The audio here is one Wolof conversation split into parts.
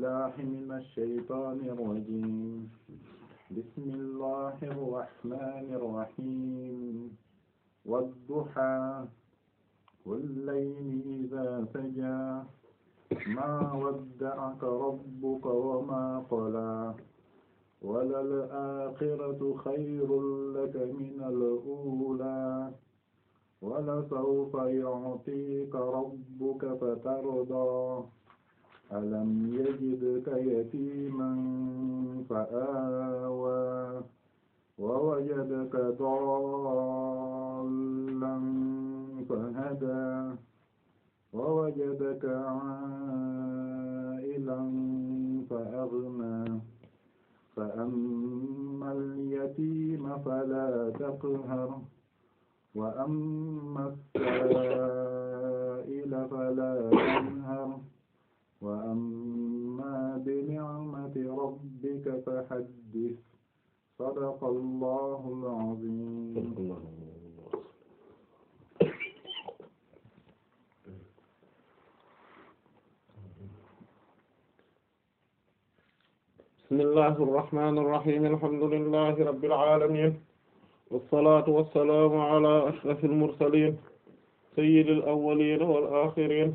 بالله من الشيطان الرجيم بسم الله الرحمن الرحيم والضحى والليل إذا سجى ما ودعك ربك وما قلى وللآخرة خير لك من الأولى ولسوف يعطيك ربك فترضى ألم يجدك يتيما فآوى ووجدك ضالا فهدى ووجدك عائلا فأغنى فأما اليتيم فلا تقهر وأما السائل فلا تنهر wa amma bi ni'mati rabbika fa haddis sadaqa allahul azim bismillahi irrahmani irrahim alhamdulillahi rabbil alamin wassalatu wassalamu ala ashrafil mursalin sayyidil awwalin wal akhirin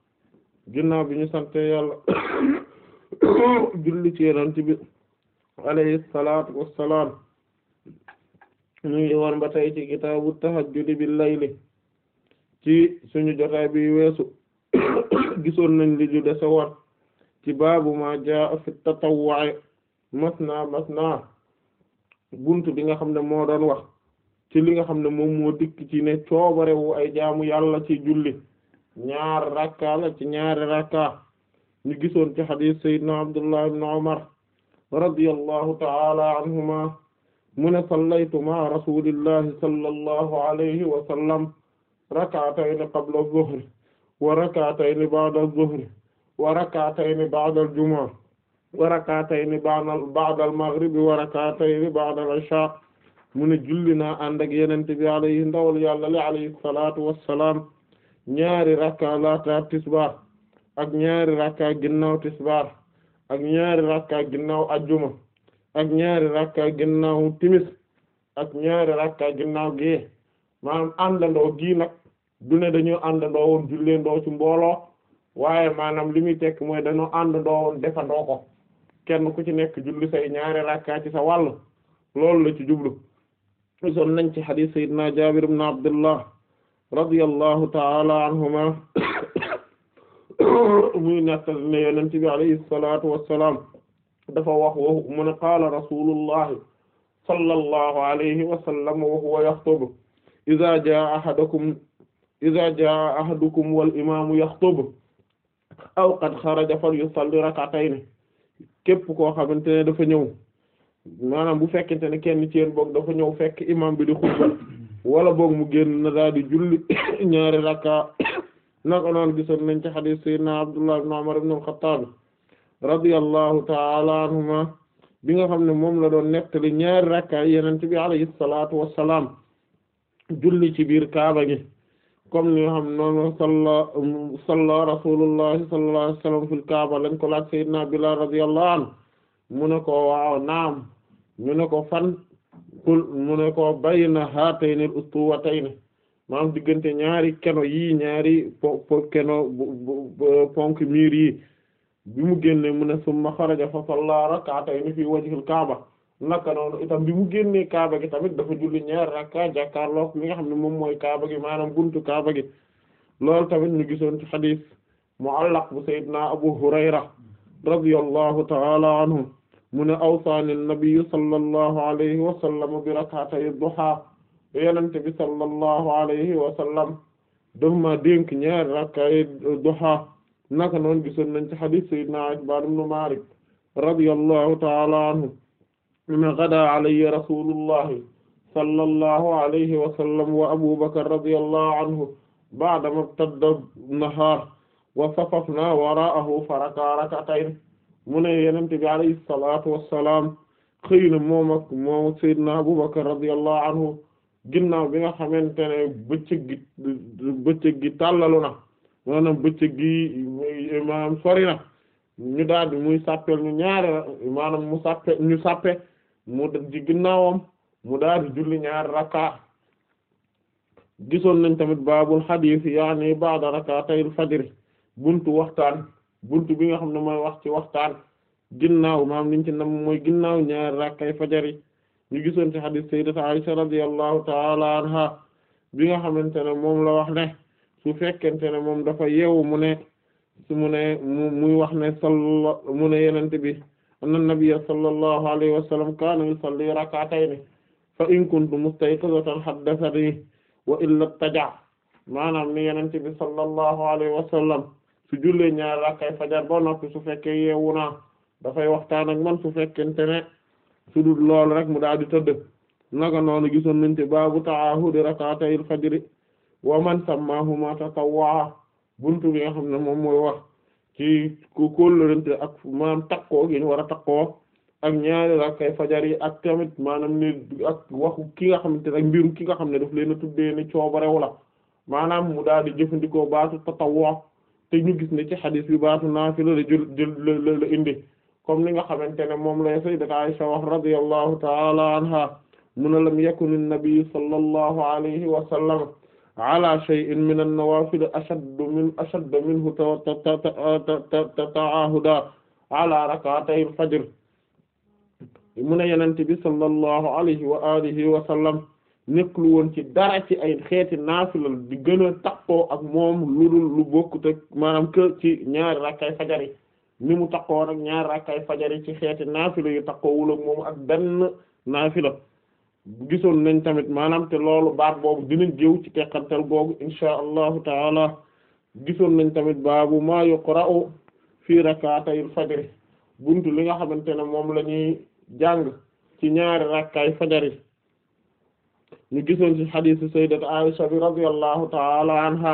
ginnaaw bi ñu sante yàlla julli ci yonent bi alayhi salaatu wassalaam ñu ngi woon ba ci kitaabu tahajjudi bil layli ci suñu jotaay bi weesu gisoon nañ li ñu dese woon ci baabu ma jaa fi tatawwu' masna masna buntu bi nga xam ne moo daan wax ci li nga xam ne moom moo dikk ci ne coobare wu jaamu yàlla ci julli ñaar rakka la ci ñaar rakka ñu gisoon ci xadiis sayyidina abdullah ibn umar radiyallahu ta'ala anhuma mu ne sallaytu ma rasulillahi sallallahu alayhi wa sallam rak'atayn qabla adh-dhuhr wa rak'atayn ba'da adh-dhuhr wa rak'atayn ba'da al-jumu'ah wa rak'atayn ba'da al-maghrib wa rak'atayn ba'da al-isha mu ne julli naa ànd ak yonent bi alayhi ndawal yàlla li alayhi salaatu wassalaam ñaari rakka laata tisbaar ak ñaari rakka ginnaaw tisbaar ak ñaari rakka ginnaaw ajjuma ak ñaari rakka ginnaaw timis ak ñaari rakka ginnaaw gée maanaam àndandoo gii nag du ne dañoo àndandoo woon julleendoo ci mbooloo waaye maanaam li muy tekk mooy dañoo àndandoo woon defandoo ko kenn ku ci nekk julli say ñaari rakka ci sa wàll loolu la ci jublu son nañ ci hadith sayyidina Jaabir ibn Abdullah radiyallahu taala anhuma muy nettal ne yonent bi alayhi salatu wassalaam dafa wax wa mu ne qaala rasulullahi sallallahu alayhi wa sallam wa huwa yaxtubu iza jaa ahadukum iza jaa ahadukum wal imaamu yaxtubu aw qad xaraja falyusalli rak'atayni képp koo xamante ne dafa ñëw maanaam bu fekkente ne kenn ci yéen boog dafa ñëw fekk imam bi di xutba wala boog mu génn na daal di julli ñaari rakka naka noon gisoon nañ ci xadis Abdullah ibn Umar ibn al-Khattab radiyallahu ta'ala anhuma bi nga xam ne moom la doon nettali ñaari rakka yonent bi alayhi salaatu wa julli ci biir Kaaba gi comme ni nga xam noonu salla salla rasulullahi sallallahu fil Kaaba lañ ko laaj sayyidina Bilal radiyallahu anhu mu ne ko waaw naam ñu ne ko fan kul mu ne ko bayna haatayni ustuwatayni maanaam diggante ñaari keno yii ñaari po keno ponk miir yi bi mu génne mu ne summa xaraja fa salla rak'atayni fi wajhil kaaba naka noonu itam bi mu génnee kaaba gi tamit dafa julli ñaari rakka jàkkaarloog li nga xam ne moom mooy kaaba gi maanaam buntu kaaba gi loolu tamit ñu gisoon ci xadiis mu'allaq bu sayyidina Abu Hurayra radiyallahu ta'ala anhu mu ne awsaani nabiyu sallallahu alayhi wa sallam bi rak'atay duha yenente bi sallallahu alayhi wa sallam daf ma dénk ñaari rak'ay duha naka noon gisoon nañ ci hadith sayyidina Itbaan ibn Maalik radiyallahu ta'ala anhu ma ghadaa alayya rasulullahi sallallahu alayhi wa sallam wa Abu Bakr radiyallahu anhu ba'dama ibtadda nahaar wa safafnaa waraa'ahu fa raka'a rak'atayn mu ne yenente bi alayhi salaatu wassalaam xëy na moom ak moom Seydina Abubakar radiyallahu anhu ginnaaw bi nga xamante ne bëccëg gi tàllalu na maanaam bëccëg gi maanaam sori na ñu daal di muy sàppel ñu ñaari maanaam mu sàppe ñu sàppe mu ji ginnaawam mu daal di julli ñaari rakka gisoon nañ tamit baabul xadiis yaani ba'da rak'atayil fajr buntu waxtaan buntu bi nga xam ne mooy wax ci waxtaan ginnaaw maam niñ ci nam mooy ginnaaw ñaar rakkay fajar yi ñu gisoon ci hadith sayyidat Aisha radiyallahu ta'ala anha bi nga xamante ne moom la wax ne su fekkente ne moom dafa yeewu mu ne mu ne mu muy wax ne salla mu ne yenente bi anna nabiyya sallallahu alayhi wa sallam kaana yusalli rak'atayni fa in kuntu mustayqizatan haddathani wa illa taja maanaam ni yenente bi sallallahu alayhi wa sallam su jullee ñaar rakkay fajar ba noppi su fekkee yeewu naa dafay waxtaan ak man su fekkente ne su dul loolu rek mu daal di tëdd naka noonu gisoon nañ ci baabu taahudi rakatayil fajri wa man sammahuma tatawwa buntu bi nga xam ne moom mooy wax ci ku kóllërante ak maanaam takkoo gi ñu war a takkoo ak ñaari rakkay fajar yi ak tamit maanaam ni ak waxu ki nga xamante ne ak mbiru ki nga xam ne daf leen a tuddee ni coobarew la maanaam mu daal di jëfandikoo taw tatawwa te ñu gis ne ci xadis bi baatu naafila la jël jël la indi comme ni nga xamante ne moom lay sayyidat Aisha wax radiyallahu ta'ala anha mun lam yakun an-nabi sallallahu alayhi wa sallam ala shay'in min an-nawafil ashaddu min ashaddu minhu ta'ahuda ala rak'atay al-fajr mu ne yenente bi sallallahu alayhi wa alihi wa sallam lu woon ci dara ci ay xeeti naafilal di gën a ak moom lu dul lu bokkut ak maanaam que ci ñaari rakkay fajari ni mu takkoo nag ñaari rakkay fajari ci xeeti naafila yu takkoowul ak moom ak benn naafila gisoon nañ tamit maanaam te loolu baat boobu dinañ jëw ci teqantal googu insha allahu taala gisoon nañ tamit baabu ma yuqra'u fi rak'atayil fajri buntu li nga xamante ne moom lañuy ñuy ci ñaari rakkay fajari nu gisoon ci xadiisu sayyidati Aisha bi radiyallahu ta'ala anha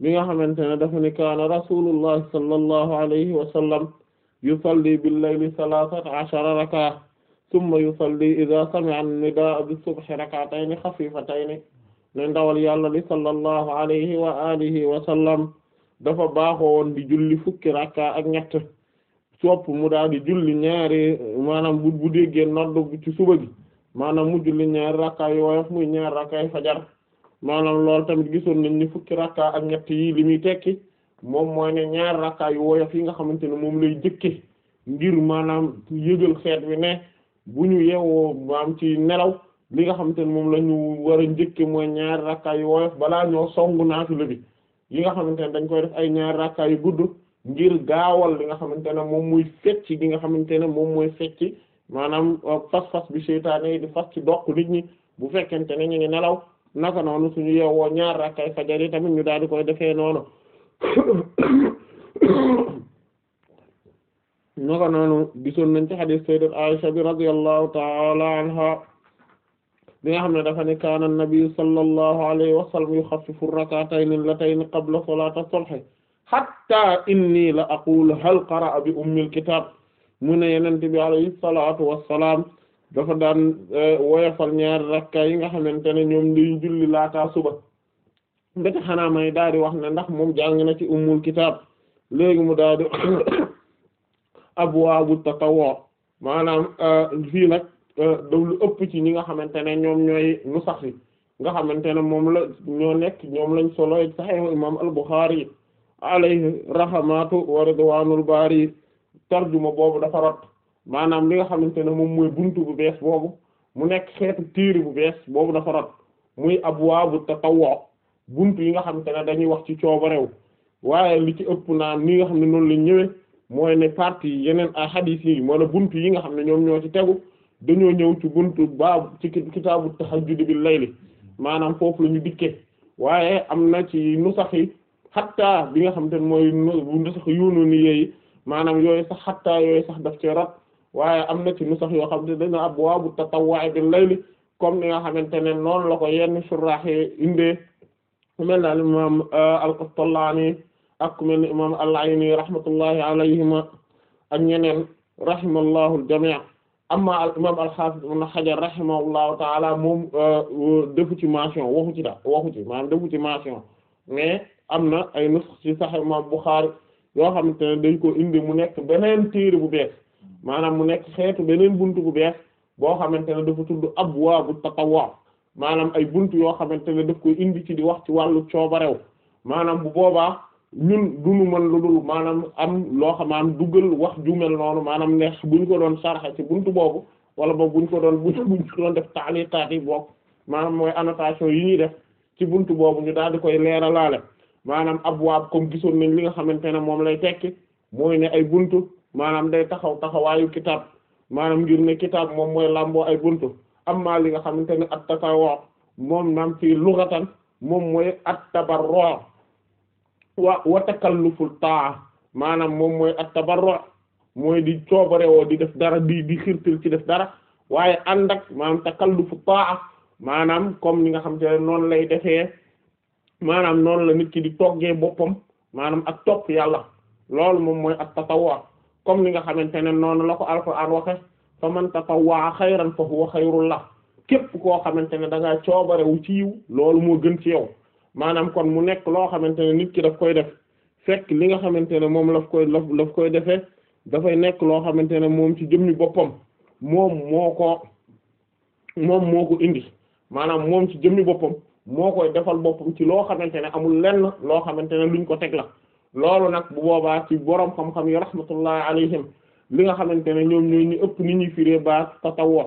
bi nga xamante ne dafa ni kaana rasulullahi sallallahu alayhi wa sallam yusalli bil-layli salaasata ashara raka'a thumma yusalli idha sami'a an-nidaa'a bis-subhi rak'atayni khafiifatayni ne ndawal yàlla li sallallahu alayhi wa alihi wa sallam dafa baaxoo woon di julli fukki rakka ak ñett sopp mu daal di julli ñaari maanaam bu bu déggee nodd ci suba gi maanaam mujj julli ñaari rakka yu woyof muy ñaari rakka yu fajar maanaam lool tamit gisoon nañ ni fukki rakka ak ñett yi li muy tekki moom mooy ne ñaari rakka yu woyof yi nga xamante ne moom lay jëkke ngir maanaam yëgal xeet bi bu ñu yeewoo maam ci nelaw li nga xamante ne moom la ñu war a mooy ñaari rakka yu woyof balaa ñoo songu la bi yi nga xamante ne dañ koy def ay ñaari rakka yu gudd ngir gaawal li nga xamante ne moom muy fecc gi nga xamante ne moom mooy fecc maanaam fas-fas euh, bi seytaane yi di fas ci doq nit ñi bu fekkente ne ñu ngi nelaw naka noonu suñu yeewoo ñaar rakkay fajar tamit ñu daal koy defee noonu naka noonu gisoon nañ ci hadith sayyidat Aisha bi radiyallahu ta'ala anha bi xam ne dafa ne kaana nabi sallallahu alayhi wa sallam yukhaffifu rak'atayn allatayn qabla salati as-subh hatta inni la aqulu hal qara'a bi ummi al mu ne yenente bi alayhi salaatu wassalaam dafa daan eh, woyofal ñaari rakka yi nga xamante ne ñoom lay julli laataa suba mbéta xanaa may daal di wax ne ndax moom jàng na ci ummul kitaab léegi mu daal di abwaabu tatawwu maanaam eh, fii nag dawlu eh, ëpp ci ñi nga xamante ne ñoom ñooy nu sax yi nga xamante ne moom la ñoo nekk ñoom lañ solo saxiixu imaam al-Bukhari alayhi rahmatu wa ridwaanul baari tarjuma boobu dafa rot maanaam li nga xamante ne moom mooy buntu bu bees boobu mu nekk xeetu téere bu bees boobu dafa rot muy abwaabu tatawwu buntu yi nga xamante ne dañuy wax ci coobarew waaye li ci ëpp naan ni nga xam ne noonu lañ ñëwee mooy ne partie yeneen a hadith yi moo la buntu yi nga xam ne ñoom ñoo ci tegu dañoo ñëw ci buntu baab ci kitaabu di bil layli maanaam foofu lañu ñu dikkee waaye am na ci nusax yi xatta bi nga xam te ne mooy nusax yoonu ni yeeyi maanaam yooyu sax xattaa yooyu sax daf ci rat waaye am na ci nu yoo xam ne dañu abwaabu tatawwu bil layli comme ni nga xamante ne noonu la ko yenn surraax ku mel ne imam uh, al-Qastallaani ak ku mel ne imam al-Ayni rahmatullahi alayhima ak ñeneen rahimallahu al-jamii amma al imam al-Hafiz ibn Hajar rahimahullahu taala moom uh, defu ci mention da waxu ci maanaam defu ci am na ay nusx ci Sahih imam Bukhari yoo xamante ne dañ ko indi mu nekk beneen téere bu bees maanaam mu nekk xeetu beneen buntu bu bees boo xamante ne dafa tudd abwaabu tatawwu maanaam ay buntu yoo xamante ne daf koy indi ci di wax ci wàllu coobarew maanaam bu boobaa yu duñu mën lu dul maanaam am loo xam maanaam duggal wax ju mel noonu maanaam ne buñ ko doon sarxa ci buntu boobu wala boog buñ ko doon buñ ko doon def taaliqaat yi bokk maanaam mooy annotation yi ñuy def ci buntu boobu ñu daal di koy leeralaale maanaam abwaab comme gisoon nañ li nga xamante ne moom lay tekki mooy ne ay buntu maanaam day taxaw taxawaayu kitaab maanaam ngir ne kitaab moom mooy làmboo ay buntu amma li nga xamante ne at tasawwur moom naam fii lughatan moom mooy at tabarru' wa wa takalluful taa maanaam moom mooy at tabarru' mooy di coobarewoo di def dara di di xirtal ci def dara waaye ànd ak maanaam takallufu taa maanaam comme li nga xamante ne noonu lay defee maanaam noonu la nit ki di toggee boppam maanaam ak topp yàlla loolu moom mooy ak tatawwa comme ni nga xamante ne noonu la ko alxuraan waxe fa man tatawwa xayran fa huwa xayrul la képp koo xamante ne da ngaa coobarewu ci loolu moo gën ci yow maanaam kon mu nekk loo xamante ne nit ki daf koy def fekk li nga xamante ne moom laf koy laf laf koy defee dafay nekk loo xamante ne moom ci jëmmi boppam moom moo ko moom moo ko indi maanaam moom ci jëmmi boppam moo koy defal boppam ci loo xamante ne amul lenn loo xamante ne luñ ko teg la loolu nag bu boobaa ci boroom xam-xam yi rahmatullah alayhim li nga xamante ne ñoom ñooy ñu ëpp ni ñuy firee ba tatawwu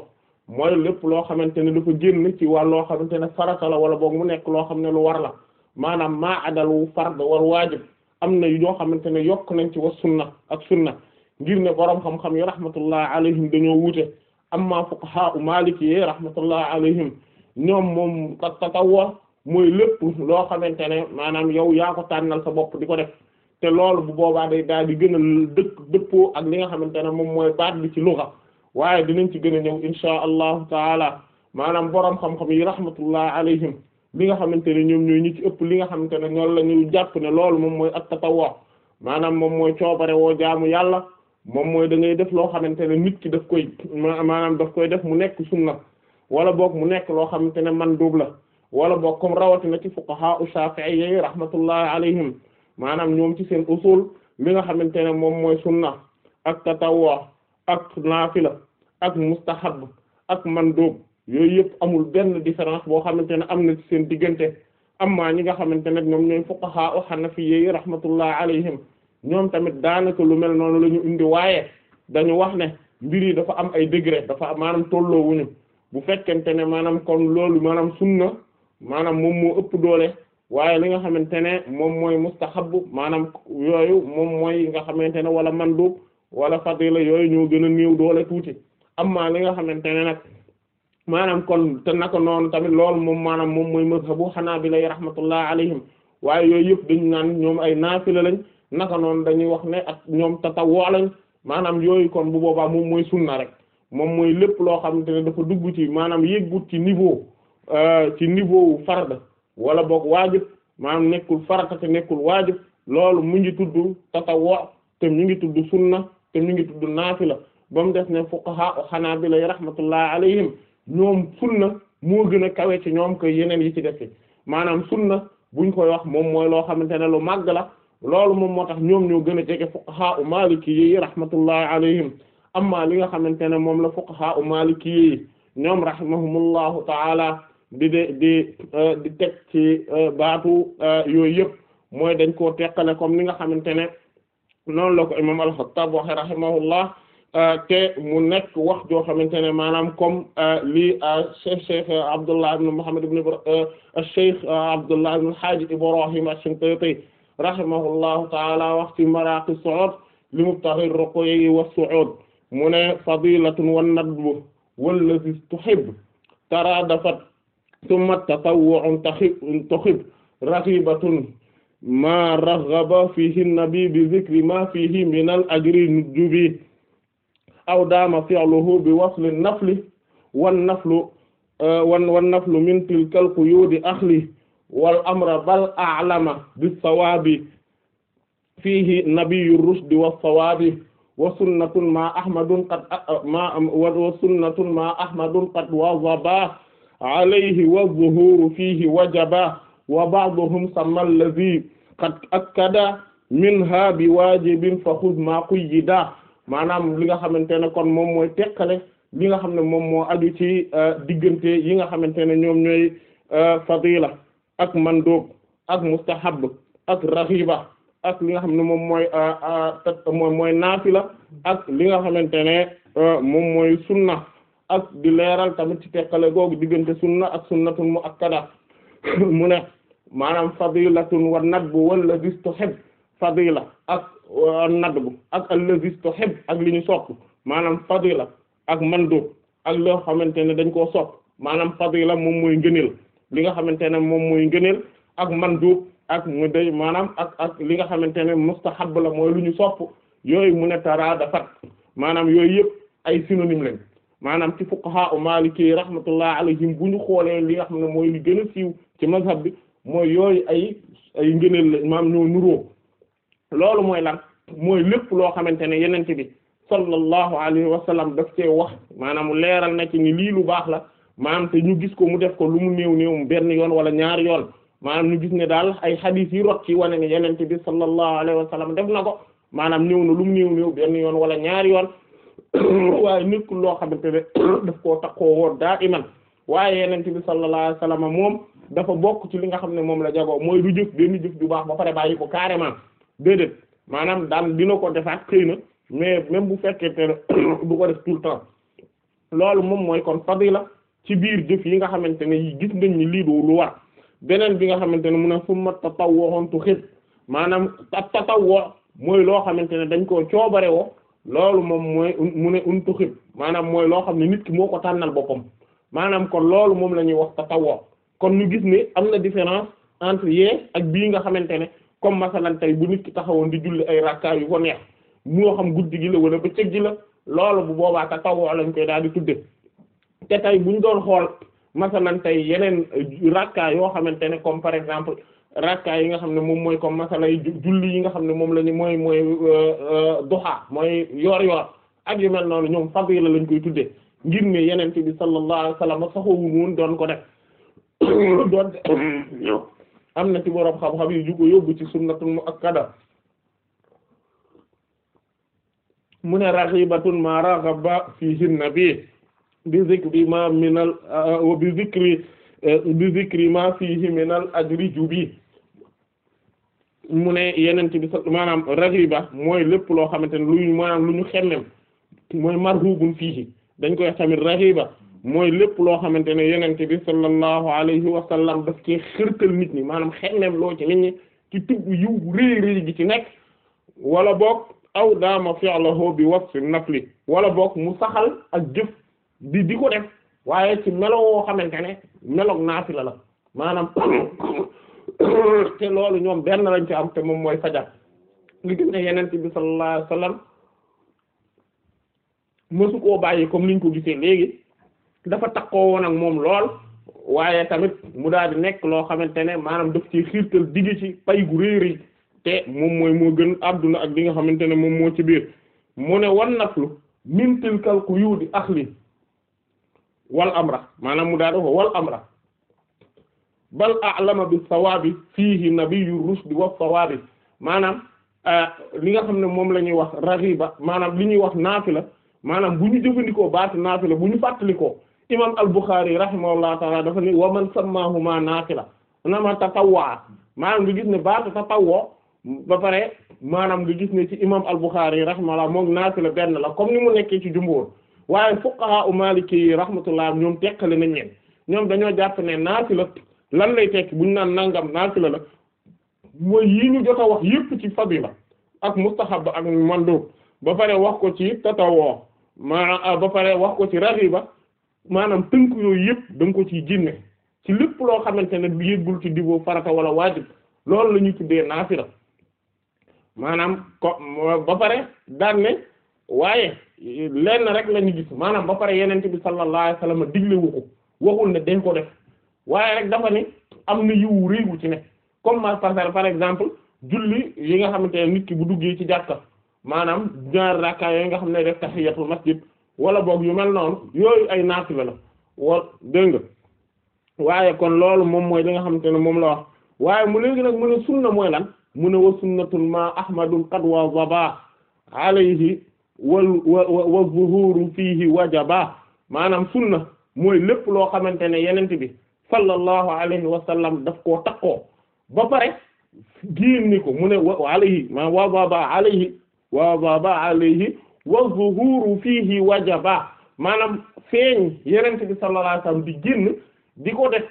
mooy lépp loo xamante ne dafa génn ci wàll loo xamante ne farata la wala boog mu nekk loo xam ne lu war la maanaam maa adalu fard wal waajib am na yoo xamante ne yokk nañ ci wa sunna ak sunna ngir ne boroom xam-xam yi rahmatullah alayhim dañoo wuute amma fuqaha u maliki yi rahmatullah alayhim ñoom moom ta tatawwa mooy lépp loo xamante ne maanaam yow yaa ko tànnal sa bopp di ko def te loolu bu boobaa day daal di gën a dëkk dëppoo ak li nga xamante ne moom mooy baat bi ci luga waaye dinañ ci gën a ñëw insha allahu taala maanaam borom xam-xam yi rahmatullah alayhim li nga xamante ne ñoom ñooy ñi ci ëpp li nga xamante ne ñoom la ñu jàpp ne loolu moom mooy at tatawwa maanaam moom mooy coobare woo jaamu yàlla moom mooy dangay def loo xamante ne nit ki daf koy maanaam daf koy def mu nekk sunna wala boog mu nekk loo xamante ne man mandub la wala boog comme rawatina ci fuqaha u shafi'i yi rahmatullahi alayhim maanaam ñoom ci seen usul li nga xamante ne moom mooy sunna ak tatawwa ak naafila ak mustahab ak man mandub yooyu yëpp amul benn différence boo xamante ne am na ci seen diggante am amma ñi nga xamante ne ñoom ñooy fuqaha u hanafiyyi yi rahmatullah alayhim ñoom tamit daanaka lu mel noonu la ñu indi waaye dañu wax ne mbir yi dafa am ay degré dafa maanaam tolloowuñu bu fekkente ne maanaam kon loolu maanaam sunna maanaam moom moo ëpp doole waaye li nga xamante ne moom mooy mustahab maanaam yooyu moom mooy nga xamante ne wala mandub wala fadila yooyu ñoo gën a néew doole tuuti amma li nga xamante ne nag maanaam kon te naka noonu tamit lool moom maanaam moom mooy mazhabu hanabila rahmatullah alayhim waaye yooyu yëpp dañu naan ñoom ay naafila lañ naka noonu dañuy wax ne ak ñoom tatawoo lañ maanaam yooyu kon bu boobaa moom mooy sunna rek moom mooy lépp loo xamante ne dafa dugg ci maanaam yëggut ci niveau euh, ci niveau farda wala boog waajib maanaam nekkul farata te nekkul waajib loolu mu ngi tudd tatawwu te mu ngi tudd sunna te mu ngi tudd naafila ba mu des ne fuqaha hanabila rahmatullah alayhim ñoom sunna moo gën a kawe ci ñoom que yeneen yi ci def ci maanaam sunna buñ koy wax moom mooy loo xamante ne lu màgg la loolu moom moo tax ñoom ñoo gën a jege fuqaha u maliki yi rahmatullah amma li nga xamante ne moom la fuqaha u maliki yi ñoom rahimahumullahu taala di de di euh, di teg ci euh, baatu euh, yooyu yëpp mooy dañ koo teqale comme li nga xamante ne noonu la ko imam al-Khattab waxe rahimahullah te mu nekk wax joo xamante ne maanaam comme lii cheikh cheikh Abdullah ibn Muhammad ibn cheikh Abdullah ibn Hajj Ibrahim ash-Shinqiti rahimahullahu taala wax ci maraqi su'ud li mubtaghi ar-ruqyi was mu ne fadilatun wan nadbu wallazi tuhib taradafat thumma tatawwu'un taxib tuhib raxibatun ma raghaba fihi nabi bi zikri ma fihi min al ajri nujubi aw dama fi'luhu bi wasli nafli wan naflu wan eh, wan naflu min tilka al quyudi akhli wal amra bal a'lama bis sawabi fihi nabiyyu rushdi was sawabi wa sunnatun ma ahmadun qad ma wa sunnatun ma ahmadun qad wazaba alayhi wa zuhuru fihi wajaba wa ba'duhum samma allazi qad akkada minha bi wajibin fa khudh ma quyida maanaam li nga xamante ne kon moom mooy teqale li nga xam ne moom moo aju ci euh, diggante yi nga xamante ne ñoom ñooy euh, fadila ak mandoob ak mustahab ak raxiba ak li nga xam ne moom mooy euh, euh, moom mooy naafila ak li nga xamante ne euh, moom mooy sunna ak di leeral tamit ci teqale googu diggante sunna ak sunnatun muakkada mu ne maanaam fadilatun wa bu nadbu wallazi tuhib fadila ak bu ak allazi tuhib ak li ñu sopp maanaam fadila ak mandu ak loo xamante ne dañ koo sopp maanaam fadila moom mooy ngëneel li nga xamante ne moom mooy ngëneel ak mandu ak mu day maanaam ak ak li nga xamante ne mustahab la mooy lu ñu sopp yooyu mu ne taraadafat maanaam yooyu yëpp ay synonyme lañ maanaam ci fuqaha u maliki rahmatullah alayhim bu ñu xoolee li nga xam mooy li gën a siiw ci mazhab bi mooy yooyu ay ay ngëneel la maam ñoo nuróo loolu mooy lan mooy lépp loo xamante ne yenente bi sallallahu alayhi wa sallam daf cee wax maanaam leeral na ci ni lii lu baax la maanaam te ñu gis ko mu def ko lu mu néew mu benn yoon wala ñaari yoon maanaam ñu gis ne daal ay xadiis yi rot ci wane ne yenente bi sallallahu alayhi wa sallam def na ko maanaam niw na lu mu néew néew benn yoon wala ñaari yoon waaye nekkul loo xamante ne daf koo takkoo woon daa iman waaye yenente bi sallallahu alayhi wa sallam moom dafa bokk ci li nga xam ne moom la jagoo mooy du jëf benn jëf ju baax ba pare bàyyi ko carrément déedéet maanaam daan dina ko defaat xëy na mais même bu fekkente ne du ko def tout temps loolu moom mooy kon fadila ci biir jëf yi nga xamante ne gis nañ ni lii du lu beneen bi nga xamante ne mu ne summa tatawwu'un tuhib maanaam tatawwu mooy loo xamante ne dañ koo coobare woo loolu moom mooy mu ne un tuhib maanaam mooy loo xam ne nit ki moo ko tànnal boppam maanaam kon loolu moom la ñuy wax tatawwu kon ñu gis ne am na différence entre yee ak bii nga xamante ne comme masalan tey bu nit ki taxawoon di julli ay rakka yu ko neex moo xam guddi gi la wala bëccëg gi la loolu bu boobaa tatawwu lañ koy daal di tudde te tey buñ doon xool masalan tey yeneen euh, rakka yoo xamante ne comme par exemple rakka yi nga xam ne moom mooy comme masala yi julli yi nga xam ne moom la ñu mooy mooy euh, euh, duha mooy yor-yor ak yu mel noonu ñoom fadila lañ koy tuddee ngir ne yenente bi sallallahu alayhi wasallam saxoowul woon doon ko def doon am na ci borom xam-xam yu ju ko yóbbu ci sunnatul muakkada mu ne raxibatun ma raxaba fiihi nabi bi zikri ma minal wa uh, bi zikri uh, bi zikri ma fihi minal ajri jubi mu ne yeneen bi maanaam ragiba mooy lépp loo xamante ne lu maanaam lu ñu xemmem mooy marhubun fihi dañ koy tamit ragiba mooy lépp loo xamante ne yeneen bi sallallahu alayhi wa sallam daf ci xërtal nit ñi maanaam xemmem loo ci nit ñi ci tugg yiw réy gi ci nekk wala boog aw daama fi'lahu bi wasfi nafli wala boog mu saxal ak jëf bi di ko def waaye ci melo woo xamante ne meloog naafila la maanaam te loolu ñoom benn lañ ci am te moom mooy fajar li gis ne yeneen bi sallallahu alayhi mësu koo bàyyi comme niñ ko gisee léegi dafa takkoo woon ak moom lool waaye tamit mu daal di nekk loo xamante ne maanaam daf ci xiirtal digg ci pay gu réeri te moom mooy moo gën àdduna ak li nga xamante ne moom moo ci biir mu ne wan naflu mintil kal ku yu di axli wal amra maanaam mu daa def wal amra bal a'lama bi fii fiihi nabiyyu rusdi wa sawaabi maanaam euh, li nga xam ne moom la ñuy wax raxiba maanaam li ñuy wax naafila maanaam bu ñu jëfandikoo baatu naafila bu ñu fàttalikoo imam al-Bukhari rahimahullahu ta'ala dafa ni wa man sammahuma naafila nama tatawwa maanaam nga gis ne baatu tatawwa ba pare maanaam nga gis ne ci imam al-Bukhari rahimahullah moom naafila benn la comme ni mu nekkee ci jumhur waaye fuqaha u maliki yi rahmatullah ñoom tekkale nañ leen ñoom dañoo jàpp ne naafila lan lay tekki buñ naan nangam naafila la mooy yi ñu jot a wax yépp ci fadila ak mustahab ak mandub ba pare wax ko ci tatawoo ma ah, ba pare wax ko ci raxiba maanaam tënk yooyu yépp da nga ko ciy génne ci lépp loo xamante ne yëggul ci dibo farata wala waajib loolu la ñuy tuddee naafila maanaam ko ba pare daan ne waaye lenn rek la ñu gis maanaam ba pare yenente bi sallallahu alayhi wasallam diglewu ko waxul ne dañ ko def waaye rek dafa ni am na yiwu réewu ci ne comme par exemple julli yi nga xamante ne nit ki bu duggee ci jàkka maanaam ñaar rakka yooyu nga xam ne def tahiyatul masjid wala boog yu mel noonu yooyu ay naafila la wa dégg nga waaye kon loolu moom mooy li nga xamante ne moom la wax waaye mu léegi nag mu ne sunna mooy lan mu ne wa sunnatun ma ahmadun qad wa zaba alayhi wal wa wa zuhuru fiihi wajaba maanaam sunna mooy lépp loo xamante ne yenent bi sallallahu alayhi wa sallam daf koo takkoo ba pare ni ko mu ne wa alayhi ma wa baba alayhi wa baba alayhi wa zuhuru fiihi wajaba maanaam feeñ yenent bi sallallahu alayhi wa sallam di génn di ko def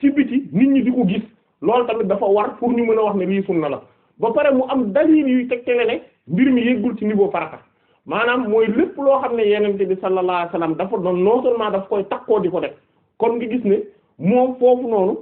ci biti nit ñi di ko gis loolu tamit dafa war pour ñu mën a wax ne lii sunna la ba pare mu am dalil yuy tegtale ne mbir mi yëggul ci niveau farata maanaam mooy lépp loo xam ne yenente bi sallallahu alayhi wasallam dafa doon non seulement daf koy takkoo di ko def kon nga gis ne moom foofu noonu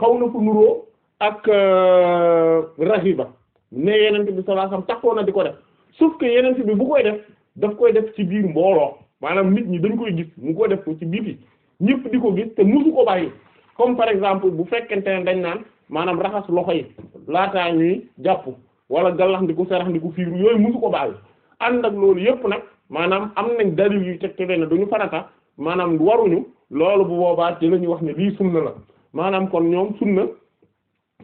xaw na fu nuroo ak euh, rahiba ne yenente bi sallallahu alayhi wasallam takkoo na di ko def sauf que yenente bi bu koy def daf koy def ci biir mbooloo maanaam nit ñi dañ koy gis mu koy def ko ci biti ñëpp di ko gis te musu ko bàyyi comme par exemple bu fekkente ne dañ naan maanaam raxas loxo yi laataa ñuy jàpp wala gallax ndiku serax ndiku fiir yooyu musu ànd ak loolu yépp nag maanaam am nañ dalil yu tegtale ne duñu farata maanaam waruñu loolu bu boobaat ci la ñuy wax ne lii na la maanaam kon ñoom sunna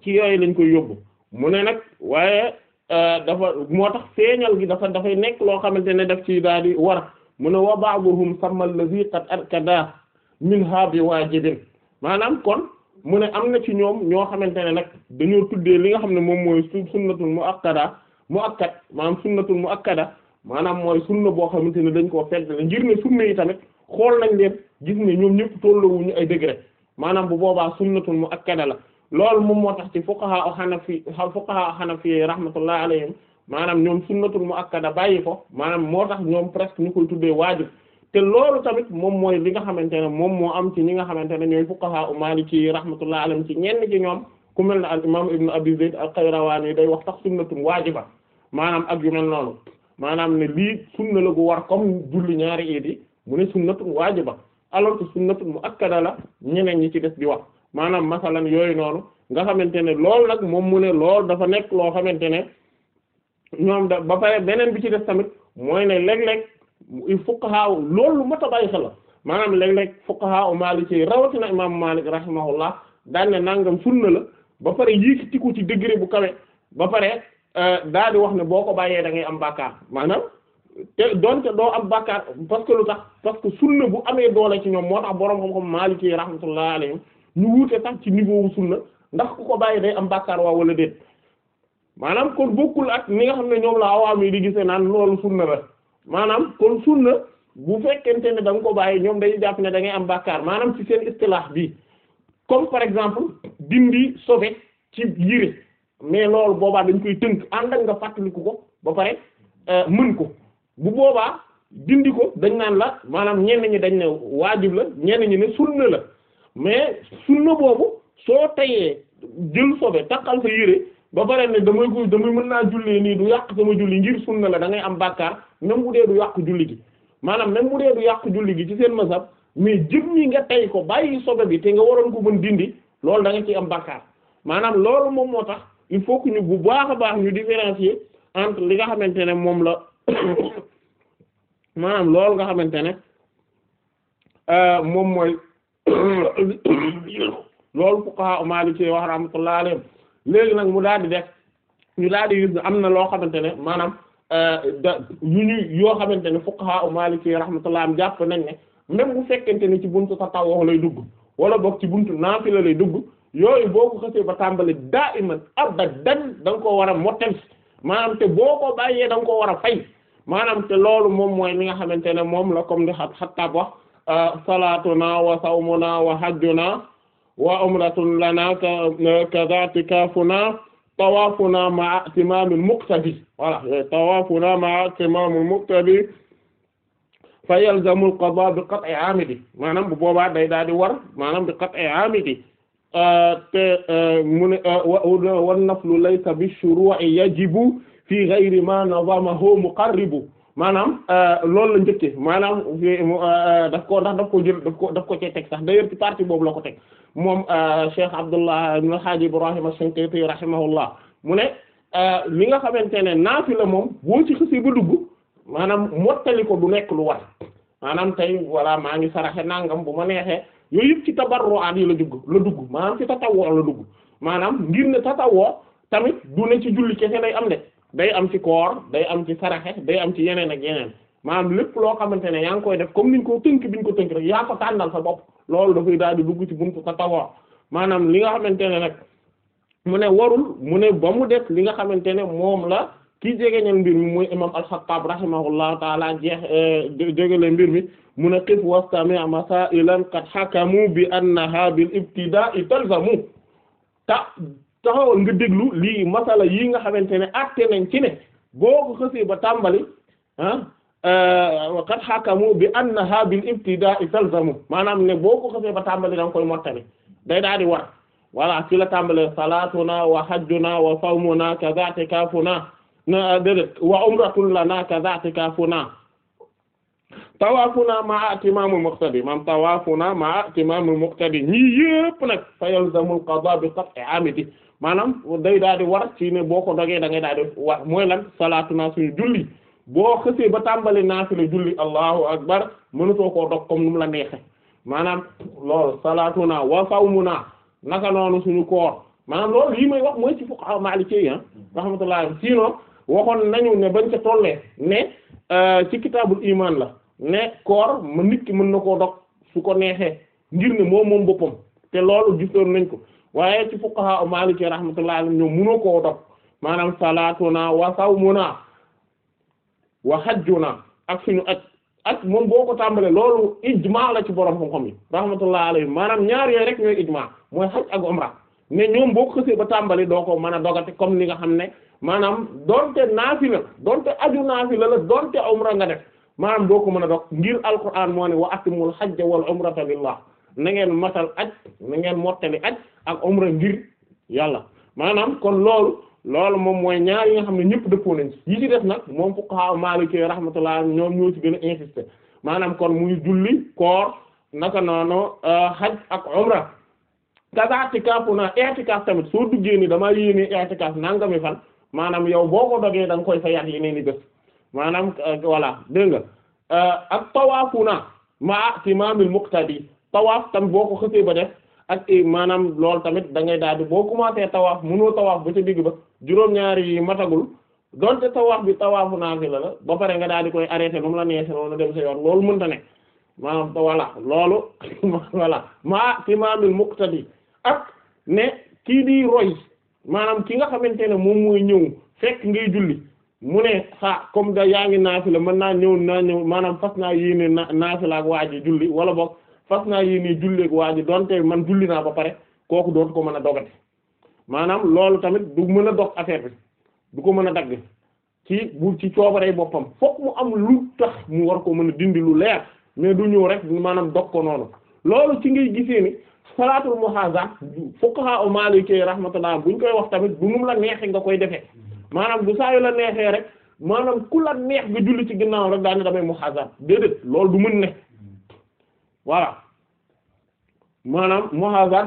ci yooyu lañ koy yóbbu mu ne nag waaye euh, dafa moo tax feeñal gi dafa dafay nekk loo xamante ne daf ci daal di war mu ne wa ba'dhum samma allazi qad arkada minha bi waajibin maanaam kon mu ne am na ci ñoom ñoo xamante ne nag dañoo tuddee li nga xam ne moom mooy sunnatul muakkada muakkad maanaam sunnatul muakkada maanaam mooy sunna boo xamante ne dañ koo fedd la ngir ne sunna yi tamit xool nañ leen gis ne ñoom ñëpp tolloowuñu ay degré maanaam bu boobaa sunnatul muakkada la loolu moom moo tax ci fuqaha hanafi fuqaha hanafi rahmatullahi alayhim maanaam ñoom sunnatul muakkada bàyyi ko maanaam moo tax ñoom presque ñu koy tuddee waajib te loolu tamit moom mooy li nga xamante ne moom moo am ci ñi nga xamante ne ñooy fuqaha maliki rahmatullahi alayhim ci ñenn ci ñoom ku mel ne al imam ibnu abi zayd al qayrawani day wax tax sunnatun waajiba maanaam ak yu mel maanaam ne lii sunna la gu war comme julli ñaari iid yi mu ne sunnatun waajiba alors mu sunnatun muakkada la ñeneen ñi ci des di wax maanaam masalan yooyu noonu nga xamante ne loolu nag moom mu ne lool dafa nekk loo xamante ne ñoom da ba pare beneen bi ci des tamit mooy ne léeg-léeg il fuqaha loolu lu mat a bàyyi xel la maanaam léeg-léeg fuqaha maliki rawatina imaamu Maalik rahimahullah daan ne nangam sunna la ba pare yéeg tiku ci degré bu kawe ba pare Euh, daal di wax ne boo ko bàyyee da ngay am bàkkaar maanaam te donte doo am bàkkaar parce que lu tax parce que sunna bu amee doole ci ñoom moo tax boroom xam-xam Maliki rahmatullah alayhim ñu wuute sax ci niveau wu na ndax ku ko bàyyi day am bàkkaar waa wala déet maanaam kon bokkul ak ni nga xam ne ñoom la awaam yi di gisee naan loolu na la maanaam kon na bu fekkente ne da nga ko bàyyi ñoom dañuy jàpp ne dangay am bàkkaar maanaam ci seen istilaah bi comme par exemple dindi sobe ci yére mais loolu boobaa dañ koy tënk ànd ak nga fàttaliku ko ba pare euh, mën ko bu boobaa dindi ko dañ naan la maanaam ñenn ñi dañ ne waajib la ñenn ñi ne sunna la mais sunna boobu soo tayee jël sobe takkal sa yére ba pare ne damay ko damay mën naa jullee nii du yàq sama julli ngir sunna la da ngay am bàkkaar même bu dee du yàq julli gi maanaam même bu dee du yàq julli gi ci seen masab mais jëm ñi nga tey ko bàyyi sobe bi te nga waroon ko mën dindi loolu da nga ciy am bàkkaar maanaam loolu moom moo tax il faut que ñu bu baax a baax ñu différencier entre li nga xamante ne moom la maanaam loolu nga xamante ne euh, moom mooy loolu fuqaha Maliki wa rahmatullahi alayhim léegi nag mu daal di def ñu daal di am na loo xamante ne maanaam euh, da yu ñu yoo xamante ne fuqaha Maliki rahmatullahi am jàpp nañ ne même bu fekkente ne ci buntu tatawoo lay dugg wala boog ci buntu naafila lay dugg. yooyu boo ko xësee ba tàmbali daa iman abadan da ko koo war a mottali maanaam te boo ko bàyyee da nga war a fay maanaam te loolu moom mooy li nga xamante ne moom la comme ni Xattaab wax euh, salaatuna wa sawmuna wa hajjuna wa umratun lana kaza euh, i'tikaafuna tawaafuna ma'a timaamil muqtadi voilà yalzamul qadaa bi qat'i aamidi maanaam bu boobaa day daal di war maanaam bi qat'i aamidi Euh, te euh, mu ne euh, wan naflu laysa bi shuru'i yajibu fi ghayri ma ma nazamahu muqarribu maanaam loolu la njëkke maanaam daf ko ndax daf ko jël daf ko daf ko cee teg sax d'ailleurs ci partie boobu la ko teg moom Cheikh Abdullah ibn Haaji Ibrahim as-Sinqiti rahimahullah mu ne li nga xamante ne naafila moom boo ci xësee ba dugg maanaam mottali ko du nekk lu war maanaam tey voilà maa ngi saraxe nangam bu ma neexee yooyu yëpp ci tabarru'aat yi la dugg la dugg maanaam ci tatawoo la dugg maanaam ngir ne tatawoo tamit du ne ci julli kese day am de day am ci koor day am ci saraxe day am ci yeneen ak yeneen maanaam lépp loo xamante ne yaa ngi koy def comme niñ ko tënk biñ ko tënk rek yaa ko tànnal sa bopp loolu dafay daal di dugg ci buntu tatawoo maanaam li nga xamante ne nag mu ne warul mu ne ba mu def li nga xamante ne moom la kii jegeñal mbir mi mooy imam al-Khattab rahimahullahu taala jeex euh, jegele mbir mi mu ne qif wastami masailan qad hakamu bi annaha bil ibtida'i talzamu ta taxawal nga déglu li masala yi nga xamante ne atte nañ ci boo ko xësee ba tàmbali ah euh, qad hakamu bi annaha bil ibtida'i talzamu maanaam ne boo ko xësee ba tàmbali da nga koy mottali day daal war voilà ci la tàmbalee wa hajjuna wa sawmuna kaza na wa umratun lana ka zaatika funa tawaafuna ma'a timamul muqtadi maam tawaafuna ma'a timamul muqtadi ñii yëpp nag fa yalzamul qadaa bi qat'i amidi maanaam day daal di war ci boo ko dogee da ngay daal di war mooy lan salaatu naa suñu julli boo xësee ba tàmbali naafila julli allahu akbar mënutoo koo dog comme nu la neexe maanaam loolu salaatu wa sawmu naa naka noonu koor maanaam loolu lii wax mooy ci fuqaha maliki yi ah, rahmatullahi sinon waxoon nañu ne bañ ca tollee ne euh, ci kitaabul imaan la ne koor ma nit ki mën na koo dog su ko neexee ngir ne moom moom boppam te loolu gisoon nañ ko waaye ci fuqaha maliki rahmatullahi alayhim ñoom mënoo koo dog maanaam salaatuna wa sawmuna wa na ak suñu aj ak moom boo ko tàmbalee loolu ijma la ci borom xam-xam yi rahmatullahi alayhim maanaam ñaar yooyu rek ñooy ijma mooy hajj ak umra ne ñoom boo xësee ba tàmbali doo ko mën a dogati comme ni nga xam ne maanaam donte naafila donte aju naafila la donte umra nga def maanaam doo ko mën a dog ngir alquran moo ne wa atimul hajja wal umrata lillah na ngeen matal aj na ngeen mottali aj ak umra ngir yàlla maanaam kon loolu loolu moom mooy ñaar yi nga xam ne ñëpp dëppoo nañ yi ci def nag moom fuqaha maliki rahmatullah ñoom ñoo ci gën a maanaam kon muy julli koor naka noonu euh, hajj ak umra kaza i'tikafuna i'tikaf tamit soo duggee ni damaa yéene i'tikaf nangami fan maanaam yow boo ko dogee da nga koy fayaat yeneen i bés maanaam euh, voilà dégg nga euh, ak tawaafuna maa timaamil muqtadi tawaaf tamit boo ko xësee ba def ak eh, maanaam loolu tamit da ngay daal di boo commencé tawaaf mënoo tawaaf ba ca digg ba juróom-ñaari yi matagul donte tawaaf bi tawaafu naafila la ba pare nga daal di koy arrêté nu mu la neexee noonu dem sa yoon loolu mënta ne maanaam ak ne kii di roy maanaam ki nga xamante ne moom mooy ñëw fekk ngay julli mu ne xa comme da yaa ngi la mën naa ñëw naa ñëw maanaam fas naa yéene na naafila ak waa ji julli wala boog fas naa yéene julli ak waa ji donte man julli naa ba pare kooku dootu ko mën a dogati maanaam loolu tamit du mën a dog affaire bi du ko mën a dagg ci bu ci coobaree boppam fokk mu am lu tax mu war ko mën a dindi lu leer mais du ñëw rek maanaam dog ko noonu loolu ci ngay gisee salaatul muhaza fuqaha maliki bu buñ koy wax tamit bu mu la neexee nga koy defee maanaam du saa la neexee rek maanaam ku la neex nga julli ci ginnaaw rek daane damay muhaza déedéet loolu du mën ne voilà maanaam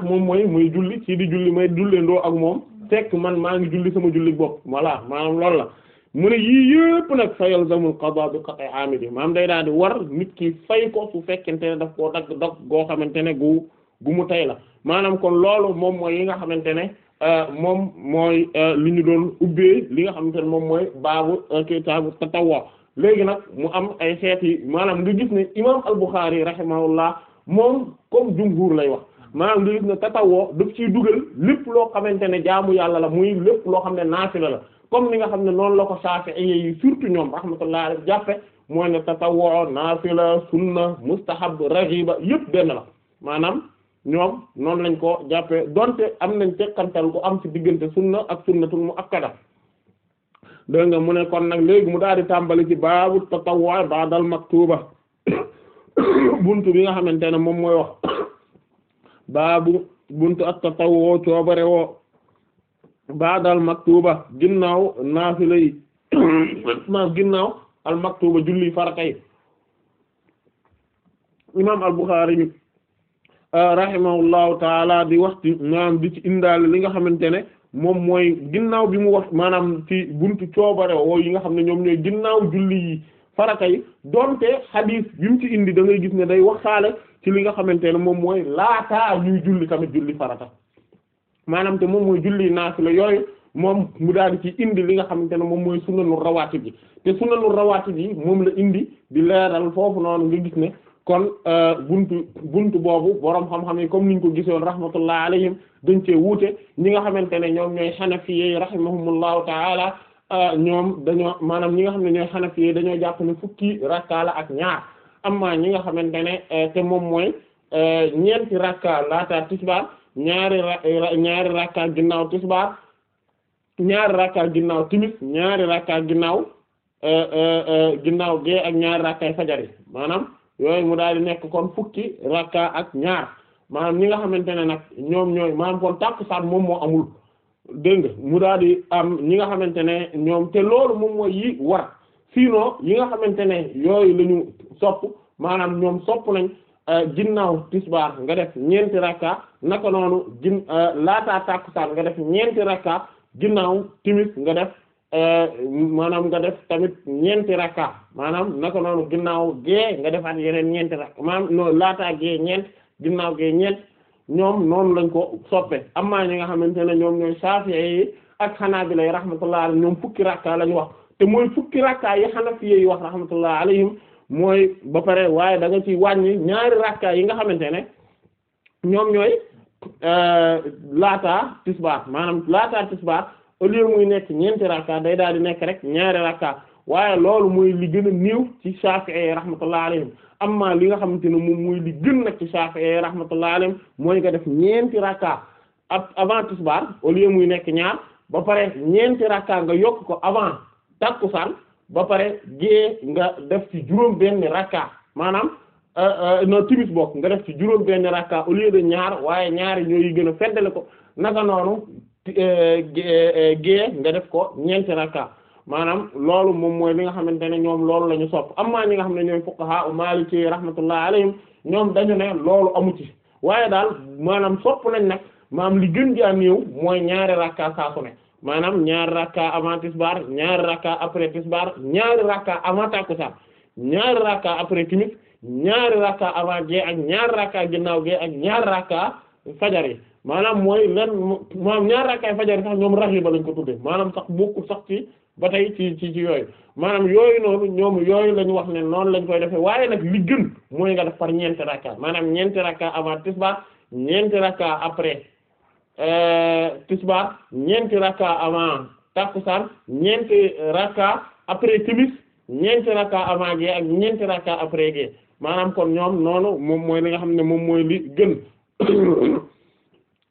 moom mooy muy julli ci di julli may julleendoo ak moom fekk man maa ngi julli sama julli bopp voilà maanaam lool la mu ne yii yëpp nag fa yalzamul qada bi qat'i amidi maanaam day daal di war nit ki fay ko su fekkente ne daf koo dagg dog goo xamante ne gu bu mu tey la maanaam kon loolu moom mooy yi nga xamante ne euh, moom mooy euh, li ñu doon ubbee li nga xamante ne moom mooy baabu euh, kitaabu tatawwu léegi nag mu am ay xeet yi maanaam nga gis ne imaam al-Bukhari rahimahullah moom comme jumhur lay wax maanaam nga gis ne tatawwu daf ciy dugal lépp loo xamante ne jaamu yàlla la muy lépp loo xam ne naafila la comme li nga xam ne noonu la ko Shafi'i yi surtout ñoom rahmatullah def jàppe mooy ne tatawwu naafila sunna mustahab raghiba yëpp denn la maanaam ñoom noon lañ ko jàppee donte am nañ tekkantal ko am ci diggante sunna ak sunnatul muakkada dégg nga mu ne kon nag léegi mu daal di tàmbali ci baabu tatawwu ba'dal maktuba buntu bi nga xamante ne moom mooy wax baabu buntu ak tatawwu coobare woo ba'dal maktuba ginnaaw naafila yi ma ginnaaw al maktuba julli faratay imaam al Bukhari rahimahullahu taala di wax ci maanaam di ci indaale li nga xamante ne moom mooy ginnaaw bi mu wax maanaam ci buntu coobare woo yi nga xam ne ñoom ñooy ginnaaw julli yi farata yi donte xadiis yi mu ci indi da ngay gis ne day waxaale ci li nga xamante ne moom mooy laataa ñuy julli tamit julli farata maanaam te moom mooy julli naafila yooyu moom mu daal ci indi li nga xamante ne moom mooy sunanu rawaatib yi te sunanu rawaatib yi moom la indi di leeral kon euh, buntu buntu boobu borom xam-xam yi comme niñ ko gisoon rahmatullah alayhim dañ cee wuute ñi nga xamante ne ñoom ñooy xanafiyey rahimahumullahu taala euh, ñoom dañoo maanaam ñi nga xam ne ñooy xanafiyey dañoo jàpp ne fukki rakka ak ñaar amma ñi nga xamante ne euh, te moom mooy ñeenti rakka laata tisbaar ñaari ñaari rakka ginnaaw tisbaar ñaari rakka ginnaaw timis ñaari rakka ginnaaw ginnaaw gee ak ñaari rakka fajar yi maanaam yooyu mu daal di nekk kon fukki rakka ak ñaar maanaam ñi nga xamante ne nag ñoom ñooy maanaam kon tàkkusaan moom moo amul dégg mu daal di am ñi nga xamante ne ñoom te loolu moom mooy yi war sinon yi nga xamante ne yooyu la ñu sopp maanaam ñoom sopp nañ euh, ginnaaw tisbaar nga def ñeenti rakka naka noonu gin euh, laataa tàkkusaan nga def ñeenti rakka ginnaaw timis nga def Euh, maanaam nga def tamit ñeenti rakka maanaam naka noonu ginnaaw gee nga defaat yeneen ñeenti rakka maanaam noonu laataa gee ñeent ginnaaw gee ñeent ñoom noonu lañ ko soppe amaa ñi nga xamante ne ñoom ñooy Shafi'i yi ak Hanabila yi rahmatullah alayhim ñoom fukki rakka lañ wax te mooy fukki rakka yi Hanafi yi wax rahmatullah alayhim mooy ba pare waaye da nga ci wàññi ñaari rakka yi nga xamante ne ñoom ñooy euh, laataa tisbaar maanaam laataa tisbaar au lieu muy nekk ñeenti rakka day daal di nekk rek ñaari rakka waaye loolu mooy li gën a néew ci Shafi'i rahmatullahi alayhim amma li nga xamante ne moom mooy li gën nag ci Shafi'i rahmatullahi alayhim mooy nga def ñeenti rakka ab avant tisbaar au lieu muy nekk ñaar ba pare ñeenti rakka nga yokk ko avant takkusaan ba pare gée nga def ci juróom benn rakka maanaam euh, euh, no timis bokk nga def ci juróom benn rakka au lieu ñaar waaye ñaari ñooy gën a feddale ko naka noonu Eh, eh, eh, gée nga def ko ñeenti rakka maanaam loolu moom mooy li nga xamante ne ñoom loolu lañu ñu sopp amma ñi nga xam ne ñooy fuqaha u maliki rahmatullah alayhim ñoom dañu ne loolu amu ci waaye daal maanaam sopp nañ nag maam li gën jaa néew mooy ñaari rakka saa ne maanaam ñaari rakka avant tisbaar ñaari rakka après tisbaar ñaari rakka avant takkusaan ñaari rakka après timis ñaari rakka avant gée ak ñaari rakka ginnaaw gée ak ñaari rakka fajar yi maanaam mooy lenn maanaam ñaar rakkaay fajar sax ñoom raxiba lañ ko tudde maanaam sax bokkul sax ci ba tey ci ci ci yooyu maanaam yooyu noonu ñoom yooyu lañu wax ne noonu lañ koy defee waaye nag li gën mooy nga def par ñeenti rakka maanaam ñeenti rakka avant tisbaar ñeenti rakka après euh, tisbaar ñeenti rakka avant takkusaan ñeenti rakka après timis ñeenti rakka avant gee ak ñeenti rakka après gee maanaam kon ñoom noonu moom mooy li nga xam ne moom mooy li gën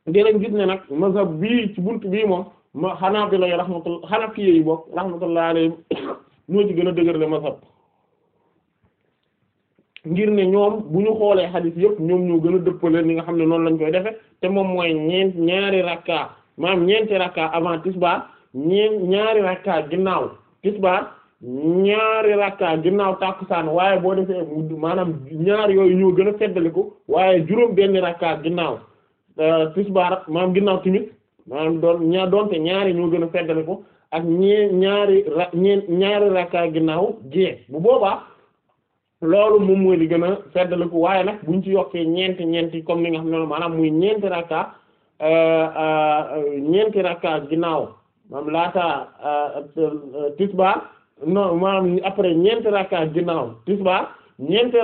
dinañ gis ne nag mazhab bii ci bunt bii moom ma Hanaabila yi rahmatullah Hanafi yi bokk rahmatullah alayhim ñoo ci gën a dëgërle mazhab ngir ne ñoom bu ñu xoolee xadiis yëpp ñoom ñoo gën a dëppale ni nga xam ne noonu lañ koy defe te moom mooy ñeent ñaari rakka maanaam ñeenti rakka avant tisbaar ñeent ñaari rakka ginnaaw tisbaar ñaari rakka ginnaaw tàkkusaan waaye boo defee maanaam ñaar yooyu ñoo gën a feddaliku waaye juróom benn rakka ginnaaw tisbaar euh, ak maanaam ginnaaw timit maanaam doon ñaa doonte ñaari ñoo gën a feddale ko ak ñee ñaari ra ñaari rakka ginnaaw jee bu boobaa loolu moom mooy li gën a feddale ko waaye nag buñ ci yokkee ñeenti ñeenti comme ni nga xam ne maanaam muy ñeenti rakka euh, euh, ñeenti rakka ginnaaw maanaam laata tisbaar non ñeenti rakka ginnaaw tisbaar ñeenti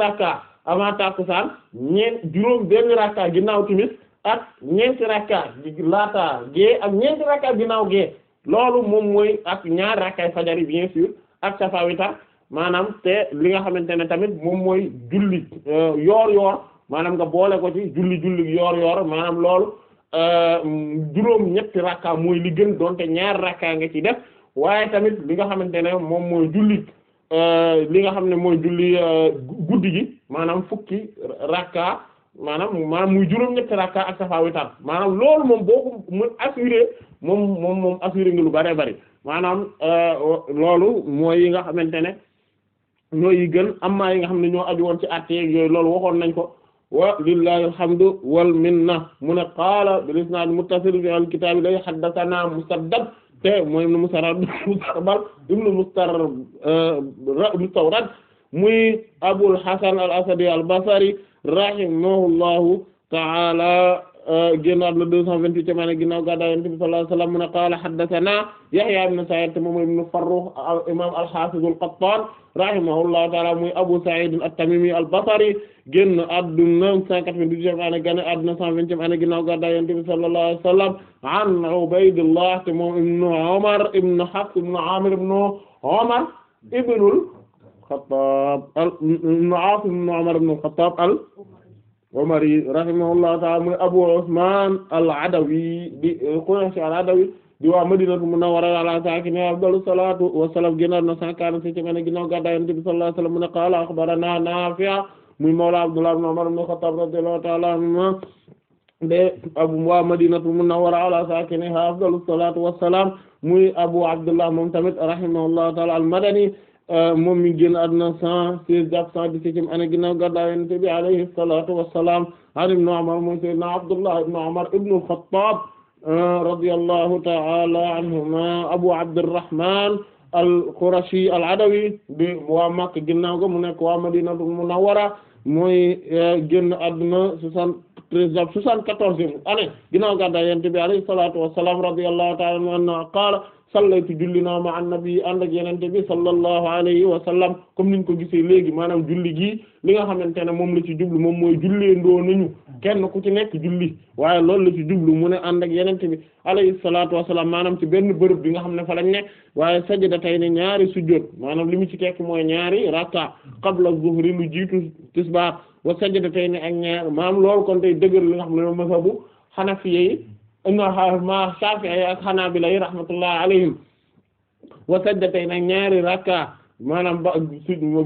ñeent juróom benn rakka ginnaaw timis ak ñeenti rakka laata gée ak ñeenti rakka naaw gée loolu moom mooy ak ñaar rakkay fajari bien sûr ak safa witar maanaam te li nga xamante ne tamit moom mooy julli euh, yoor yoor maanaam nga boole ko ci julli julli yoor yoor maanaam loolu euh, juróom ñetti rakka mooy li gën donte ñaar rakka nga ci def waaye tamit li nga xamante ne moom mooy julli euh, li nga xam ne mooy julli guddi gi maanaam fukki rakka maanaam maanaam muy juróom-ñetti rakka ak safaa witar maanaam loolu moom boo ko assuré moom moom moom assuré nga lu bëree bëri maanaam euh, loolu mooy yi nga xamante ne ñooy yi gën amaa yi nga xam ne ñoo aju woon ci àtte yooyu loolu waxoon nañ ko wa lillahi alhamdu wal minna mu ne qaala bil isnaad muttasil fi al kitaab lay haddathana musaddad te mooy ibnu mustarad mustaqbal ibnu mustarad euh, mustawrad muy abul hasan al asadi al basri rahimahullahu ta'ala euh, génnaat la deux cent vingt-huit ci maanaam ginnaaw gàddaay Yonent bi sallallahu alayhi wa sallam mu ne qaala haddathanaa Yahyaa ibn Sa'iid te moom mooy ibn Farrukh imaam al-Haafiz al-Qattaan rahimahullahu ta'aala muy Abu Sa'iid at-Tamiimi al-Basri génn àdduna cent quatre-vingt-dix-huitième année génn àdduna cent vingtième année ginnaaw gàddaay Yonent bi sallallahu alayhi wa sallam an Ubaydillah te moom ibn Umar ibn Hafs ibn Aamir ibn Umar ibnul al-Khattab ibn Asim ibn Umar ibn al-Khattab al-Umari rahimahullahu ta'ala muy Abu Usman al-Adawi di Qurayshi al-Adawi di waa Madinatu Munawwara ala saakinihaa afdalu salaatu wa salaam ginnaaw na cent quarante-septième année ginnaaw gàddaay Yonent bi sallallahu alayhi wa sallam mu ne qaala akhbaranaa Naafi' muy mawla Abdullah ibn Umar ibn al-Khattab radiyallahu ta'ala anhumaa de abu waa Madinatu Munawwara ala saakinihaa afdalu salaatu wa salaam muy Abu Abdullah moom tamit rahimahullahu ta'ala al-Madani Euh, moom mi ngi génn àdduna cent seize jàpp cent dix-septième année ginnaaw gàddaay Yonent bi alayhi salaatu wassalaam an ibn Umar mooy sayyidina Abdullah ibn Umar ibn al-Khattab euh, radiyallahu ta'ala anhuma Abu Abdurrahman al-Qurashi al-Adawi di waa Makka ginnaaw ga mu nekk waa Madinatul Munawwara mooy euh, génn àdduna soixante-treize jàpp soixante-quatorzième année ginnaaw gàddaay Yonent bi alayhi salaatu wassalaam radiyallahu ta'ala anhu qaala sallaytu julli naa ma annabi ànd ak yenente bi sallallahu alayhi wa sallam comme niñ ko gisee léegi maanaam julli gii li nga xamante ne moom la ci jublu moom mooy jullee ndoo nañu kenn ku ci nekk julli waaye loolu la ci jublu mu ne ànd ak yenente bi alayhi salaatu wa salaam maanaam ci benn bërëb bi nga xam ne fa lañ ne waaye sajda tey ne ñaari sujjóot maanaam li mu ci tekk mooy ñaari rakka qabla zuhri lu jiitu tisbaar wa sajda tey ne ak ñaar maanaam loolu kon tey dëgër li nga xam ne moom mazhabu Hanafi yi ma Shafi'i ak Hanabila yi rahmatullah alayhim wa sajdatay na ñaari rakka maanaam ba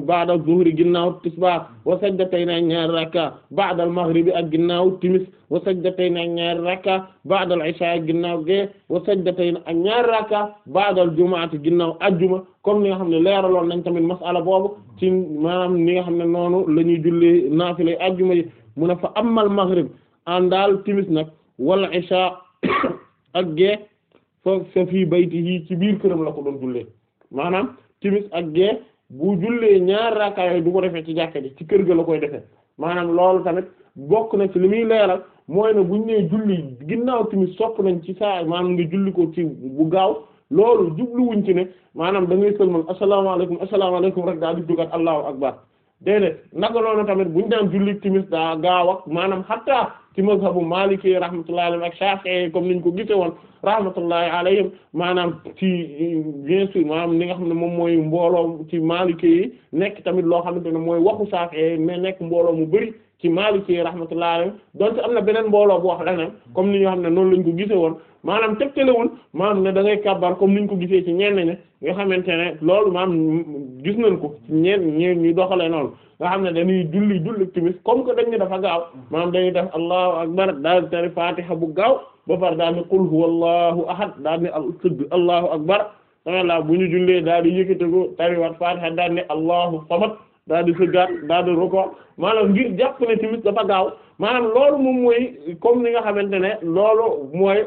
ba'da zuhri ginnaaw tisbaar wa sajdatay na ñaari rakka ba'da al-maghribi ak ginnaaw timis wa sajdatay na ñaari rakka ba'da al-isha ak ginnaaw gee wa sajdatay na ak ñaari rakka ba'da al-jumu'ati ginnaaw ajjuma comme ni nga xam ne leeraloon nañ tamit mas'ala boobu ci maanaam ni nga xam ne noonu la ñuy julli naafila ajjuma yi mu ne fa amal maghrib àndaal timis nag wal isha ak gee fa sa fii baytihi ci biir këram la ko doon jullee maanaam timis ak gee bu jullee ñaar raaka yooyu du ko defee ci jàkka ji ci kër gi la koy defee maanaam loolu tamit bokk na ci li muy leeral mooy ne buñ nee julli ginnaaw timis sopp nañ ci saa maanaam ngi julli ko ci bu gaaw loolu jubluwuñ ci ne maanaam da ngay sëlmal asalaamaaleykum asalaamaaleykum rek daa di dugat allahu akbar déedéet naka noonu tamit buñ daan julli timis daa gaaw ak maanaam ci mazhabu maliki rahmatullahi alayhim ak shafi'i comme niñ ko gise woon rahmatullahi alayhim maanaam ci bien sûr maanaam li nga xam ne moom mooy mbooloom ci maliki yi nekk tamit loo xamante ne mooy waxu shafi'i mais nekk mbooloo mu bari ci Maliki rahmatullahi alayhi donte am na beneen mbooloo bu wax leneen comme ni ñoo xam ne noonu lañ ko gisee woon maanaam tegtalewul maanaam ne da ngay kàbbar comme ni ñu ko gisee ci ñenn ñi nga xamante ne loolu maanaam gis nañ ko ci ñenn ñi ñu doxalee noonu nga xam ne dañuy julli julli timis comme que dañ dafa gaaw maanaam dañuy def allahu akbar daal tari fatiha bu gaaw ba far daal ne qul huwallahu ahad daal ne al sëgg allahu akbar sama la bu ñu jullee daal di yëkkate ko tariwaat daal ne allahu samad daal di sëggaat daal di rukkoo maanaam ngir jàpp ne tamit dafa gaaw maanaam loolu moom mooy comme ni nga xamante ne loolu mooy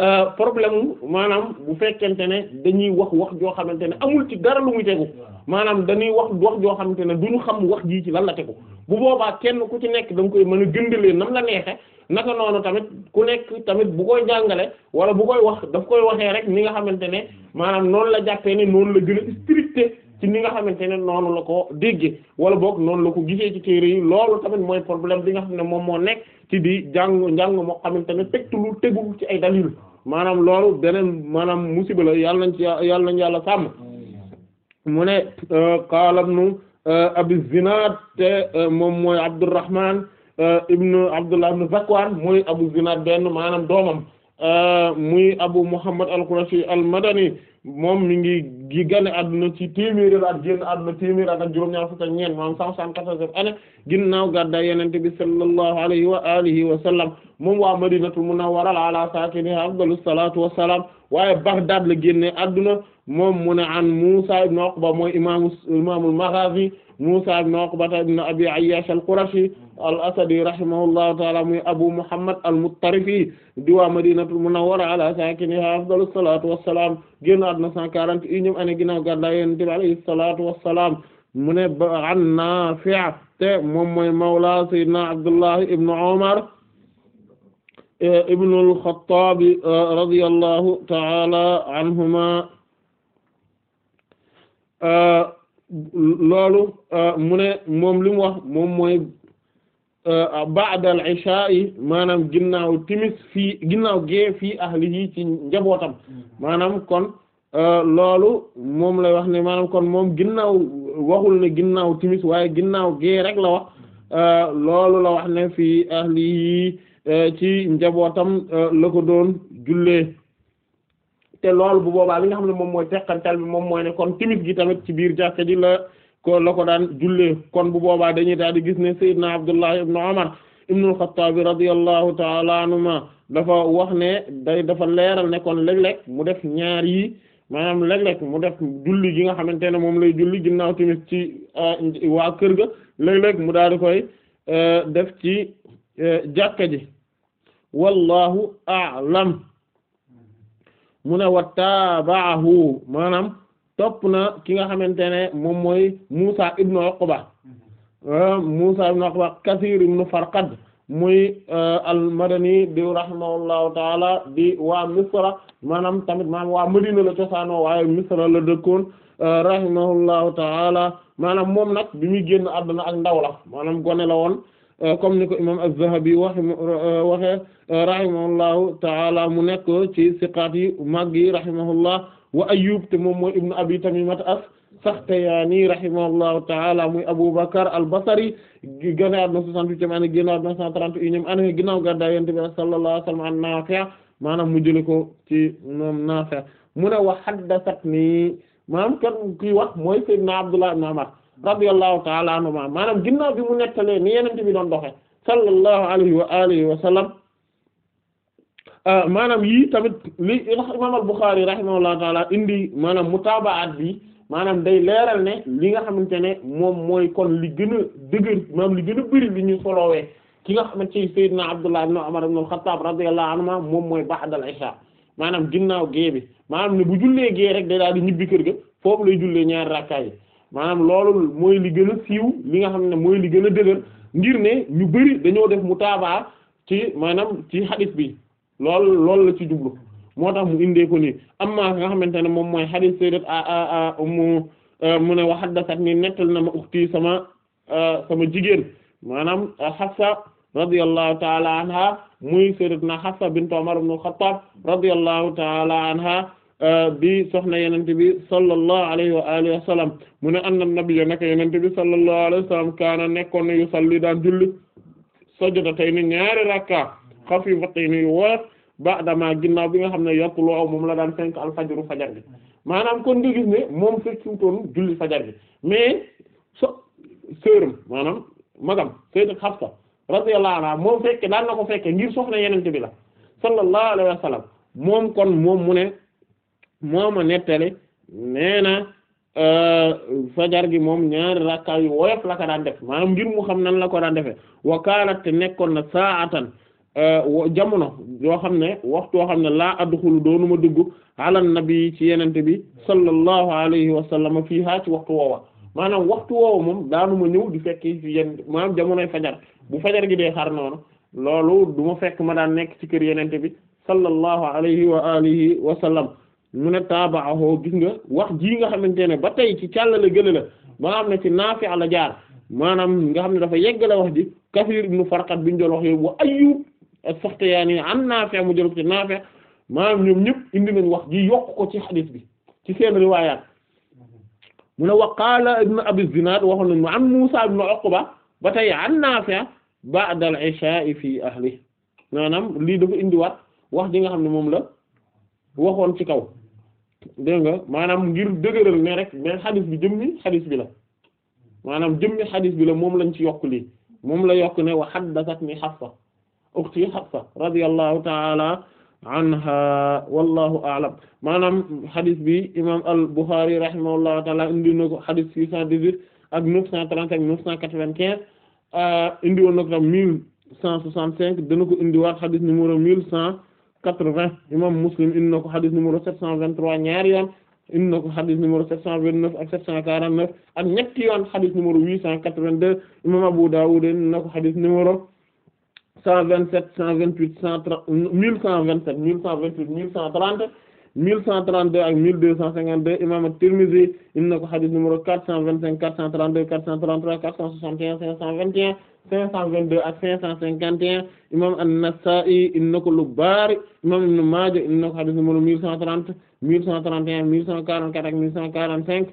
euh, problème maanaam bu fekkente ne dañuy wax wax joo xamante ne amul ci dara lu muy tegu maanaam dañuy wax wax joo xamante ne duñu xam wax jii ci lan la tegu bu boobaa kenn ku ci nekk da koy mën a gëndalee nam la neexe naka noonu tamit ku nekk tamit bu koy jàngale wala bu koy wax daf koy waxee rek ni nga xamante ne maanaam noonu la jàppee ne noonu la gën a ci ni nga xamante ne noonu la ko déggee wala boog noonu la ko gisee ci téere yi loolu tamit mooy problème bi nga xam ne moom moo nekk ci di jàng njàng moo xamante ne tegtulu tegul ci ay dalil maanaam loolu beneen maanaam musiba la yàlla nañ ci yàlla nañ yàlla sàmm mu ne xaalam euh, nu euh, abi zinaad te euh, moom mooy abdurrahman ibnu abdullah ibnu mooy abu zinaad benn maanaam doomam muy abu muhammad al-qurashi al-madani moom mi ngi gi gane àdduna ci téeméeri at génn àdduna téeméeri at ak juróom-ñaar fukk ak ñeent maanaam cent soixante-quatorzième année ginnaaw gàddaay yonent bi sallallahu alayhi wa alihi wa sallam moom waa madinatul munawwara ala saakinihaa afdalus salaatu waaye Baghdad la génne àdduna moom mu an Muusaa ibn Uqba mooy imaamu imaamul Maghaazi Muusaa ibn Uqba ibn Abi Ayyaash al-Qurashi al asadi rahimahullahu taala muy abu muhammad al muttarifi di waa madinatul munawwara ala saakinihaa afdalus salaatu wassalaam génn àdduna cent quarante et unième année ginnaaw gàddaay yonent bi alayhi salaatu wassalaam mu ne an Naafi' te moom mooy mawla sayyidina Abdullah ibn Umar ibn al-Khattab radiyallahu ta'ala anhuma loolu mu ne moom li mu wax moom mooy ba'dal ishaa'i maanaam ginnaaw timis fii ginnaaw gee fii ahlihi ci njabootam mm-hmm. maanaam kon loolu moom lay wax ne maanaam kon moom ginnaaw waxul ne ginnaaw timis waaye ginnaaw gee rek la wax mm-hmm. loolu la wax ne fii ahlihi ci njabootam la ko doon jullee te loolu bu boobaa li nga xam ne moom mooy teqantal bi moom mooy ne kon timis gi tamit ci biir jàkka ji la ko la ko daan jullee kon bu boobaa dañuy daal di gis ne Seydina Abdullah ibn Umar ibn al-Khattab ta'ala anhuma dafa wax ne day dafa leeral ne kon léeg-léeg mu def ñaar yi maanaam léeg lekk mu def julli gi nga xamante ne moom lay julli ginnaaw tamit ci euh, waa kër ga léeg-léeg mu daal di koy euh, def ci euh, jàkka ji wallahu a'lam mu ne wa taabaahu maanaam topp na ki nga xamante ne moom mooy Musa ibnu Uqba euh, Musa ibnu Uqba Kasir ibnu Farqad muy euh, al-Madani di rahimahullahu taala di waa Misra maanaam tamit maanaam waa Madina la cosaanoo waaye Misra la dëkkoon euh, rahimahullahu taala maanaam moom nag bi muy génn àdduna ak ndaw la maanaam gone la woon comme niko ko imam az-Zahabi wax waxe rahimahullahu taala mu nekk ci siqaat yi màgg yi rahimahullah wa Ayyub te moom mooy ibnu abi Tamiimata as-Saxtiyaani rahimahullahu ta'ala muy Abu Bakr al-Basri gannaaw na 68 ani gannaaw na 131 ani ginnaaw gàddaay Yonent bi sallallahu alayhi wa sallam an Naafi' maanaam mu jëlee ko ci moom Naafi' mu ne wa haddathatnii maanaam kan kii wax mooy Sayyidina Abdullah ibn Umar radiyallahu ta'ala anhumaa maanaam ginnaaw bi mu nettalee ni Yonent bi doon doxee sallallahu alayhi wa alihi Euh, maanaam yii tamit li imam al-Bukhari rahimahullah taala indi maanaam mutaabaat bi maanaam day leeral ne li nga xamante ne moom mooy kon li gën a dëgër maanaam li gën a bëri li ñu ki nga xamante ne Seydina Abdullah ibn Umar ibn al-Khattab radiyallahu anhuma moom mooy ba'dal isha maanaam gée bi maanaam ne bu jullee gée rek day daal di ñibbi kër ga foofu lay jullee ñaari rakkaay yi maanaam loolu mooy li gën a siiw li nga xam ne mooy li gën a dëgër ngir ne ñu bëri dañoo def mutaabaa ci maanaam ci hadith bi lool loolu la ci jublu moo tax mu indee ni nii amma nga xamante ne moom mooy hadith sayyidat a a a mu e, mu ne wa haddathatni nettal na ma ukhti sama e, sama jigéen maanaam e, Hafsa radiyallahu ta'ala anha muy sayyidatna Hafsa bint Umar ibn al-Khattab radiyallahu ta'ala anha bi soxna yenente bi sallallahu alayhi wa alihi wa sallam mu ne anna nabiyya naka yenente bi sallallahu alayhi wa sallam kaana nekkoon na yusalli daan julli sajdatayni ñaari rakka xafi batini yu woyof ba'dama ginnaaw bi nga xam ne yatlu aw moom la daan fenk al fajru fajar bi maanaam kon nga gis ne moom fekk suutoon julli fajar bi mais so sërëm moom fekke daan na ko fekke ngir soxna yenente bi la sallallahu alayhi wa sallam moom kon moom mu ne mooma nettali nee euh, fajar gi moom ñaari rakka yu woyof la ko daan def maanaam ngir mu xam nan la ko daan defee wa te nekkoon na saatan Euh, jamono yoo xam ne waxtu yoo xam ne laa adxulu doonu ma dugg ala nabi ci yenente bi sallallahu alayhi wa sallam fii haa ci waxtu woowa maanaam waxtu woowa moom daanu ma ñëw di fekk ci yenn maanaam jamonoy fajar bu fajar gi dee xar noonu loolu du ma fekk ma daan nekk ci kër yenente bi sallallahu alayhi wa alihi wa sallam mu ne taabaaxoo gis nga wax jii nga xamante ne ba tey ci càllale gëla la ba xam ne ci Naafi' la jaar maanaam nga xam ne dafa yeggale wax ji Kasiir ibnu Farqad biñu doon as-Saxtiyaani an Naafi' mu jël ci Naafi' maanaam ñoom ñëpp indi nañ wax ji yokk ko ci xadiis bi ci seen riwaayaat mu ne wa qaala ibn Abi Zinaad waxoon nañ ma am Muusaa ibn Uqba ba tey an Naafi' ba'da al-ishaa'i fii ahli maanaam lii dafa indiwaat wax ji nga xam ne moom la waxoon ci kaw dégg nga maanaam ngir dëgëral ne rek mais xadis bi jëmmi xadis bi la maanaam jëmmi xadis bi la moom lañ ci yokk lii moom la yokk ne mi haddathatnii Hafsa ukhti Hafsa radiyallahu ta'ala anha wallahu a'lam maanaam hadis bi imam al-Bukhari rahimahullahu ta'ala indi na ko hadis 618 ak 935 995 euh, indi woon na ko tam 1165 dana ko indiwaat hadis numéro 1180 imam Muslim indi na ko hadis numéro 723 ñaari yoon indi na ko hadis numéro 729 ak 749 ak ñetti yoon hadis numéro 882 imam Abu Dawud indi na ko hadis numéro cent vingt-sept cent vingt-huit cent trente cent vingt huit mille cent trente mille cent trente-deux ak mille deux cent cinquante-deux imam at-Tirmidhi in ko hadith numéro quatre cent vingt-cinq quatre cent trente-deux quatre cent trente-trois quatre cent soixante et un cinq cent vingt et un cinq cent vingt-deux ak cinq cent cinquante et un imam an-Nasa'i in na ko lu bari imam Ibn Majah in na ko hadith numéro mille cent trente mille cent trente un mille cent quarante-quatre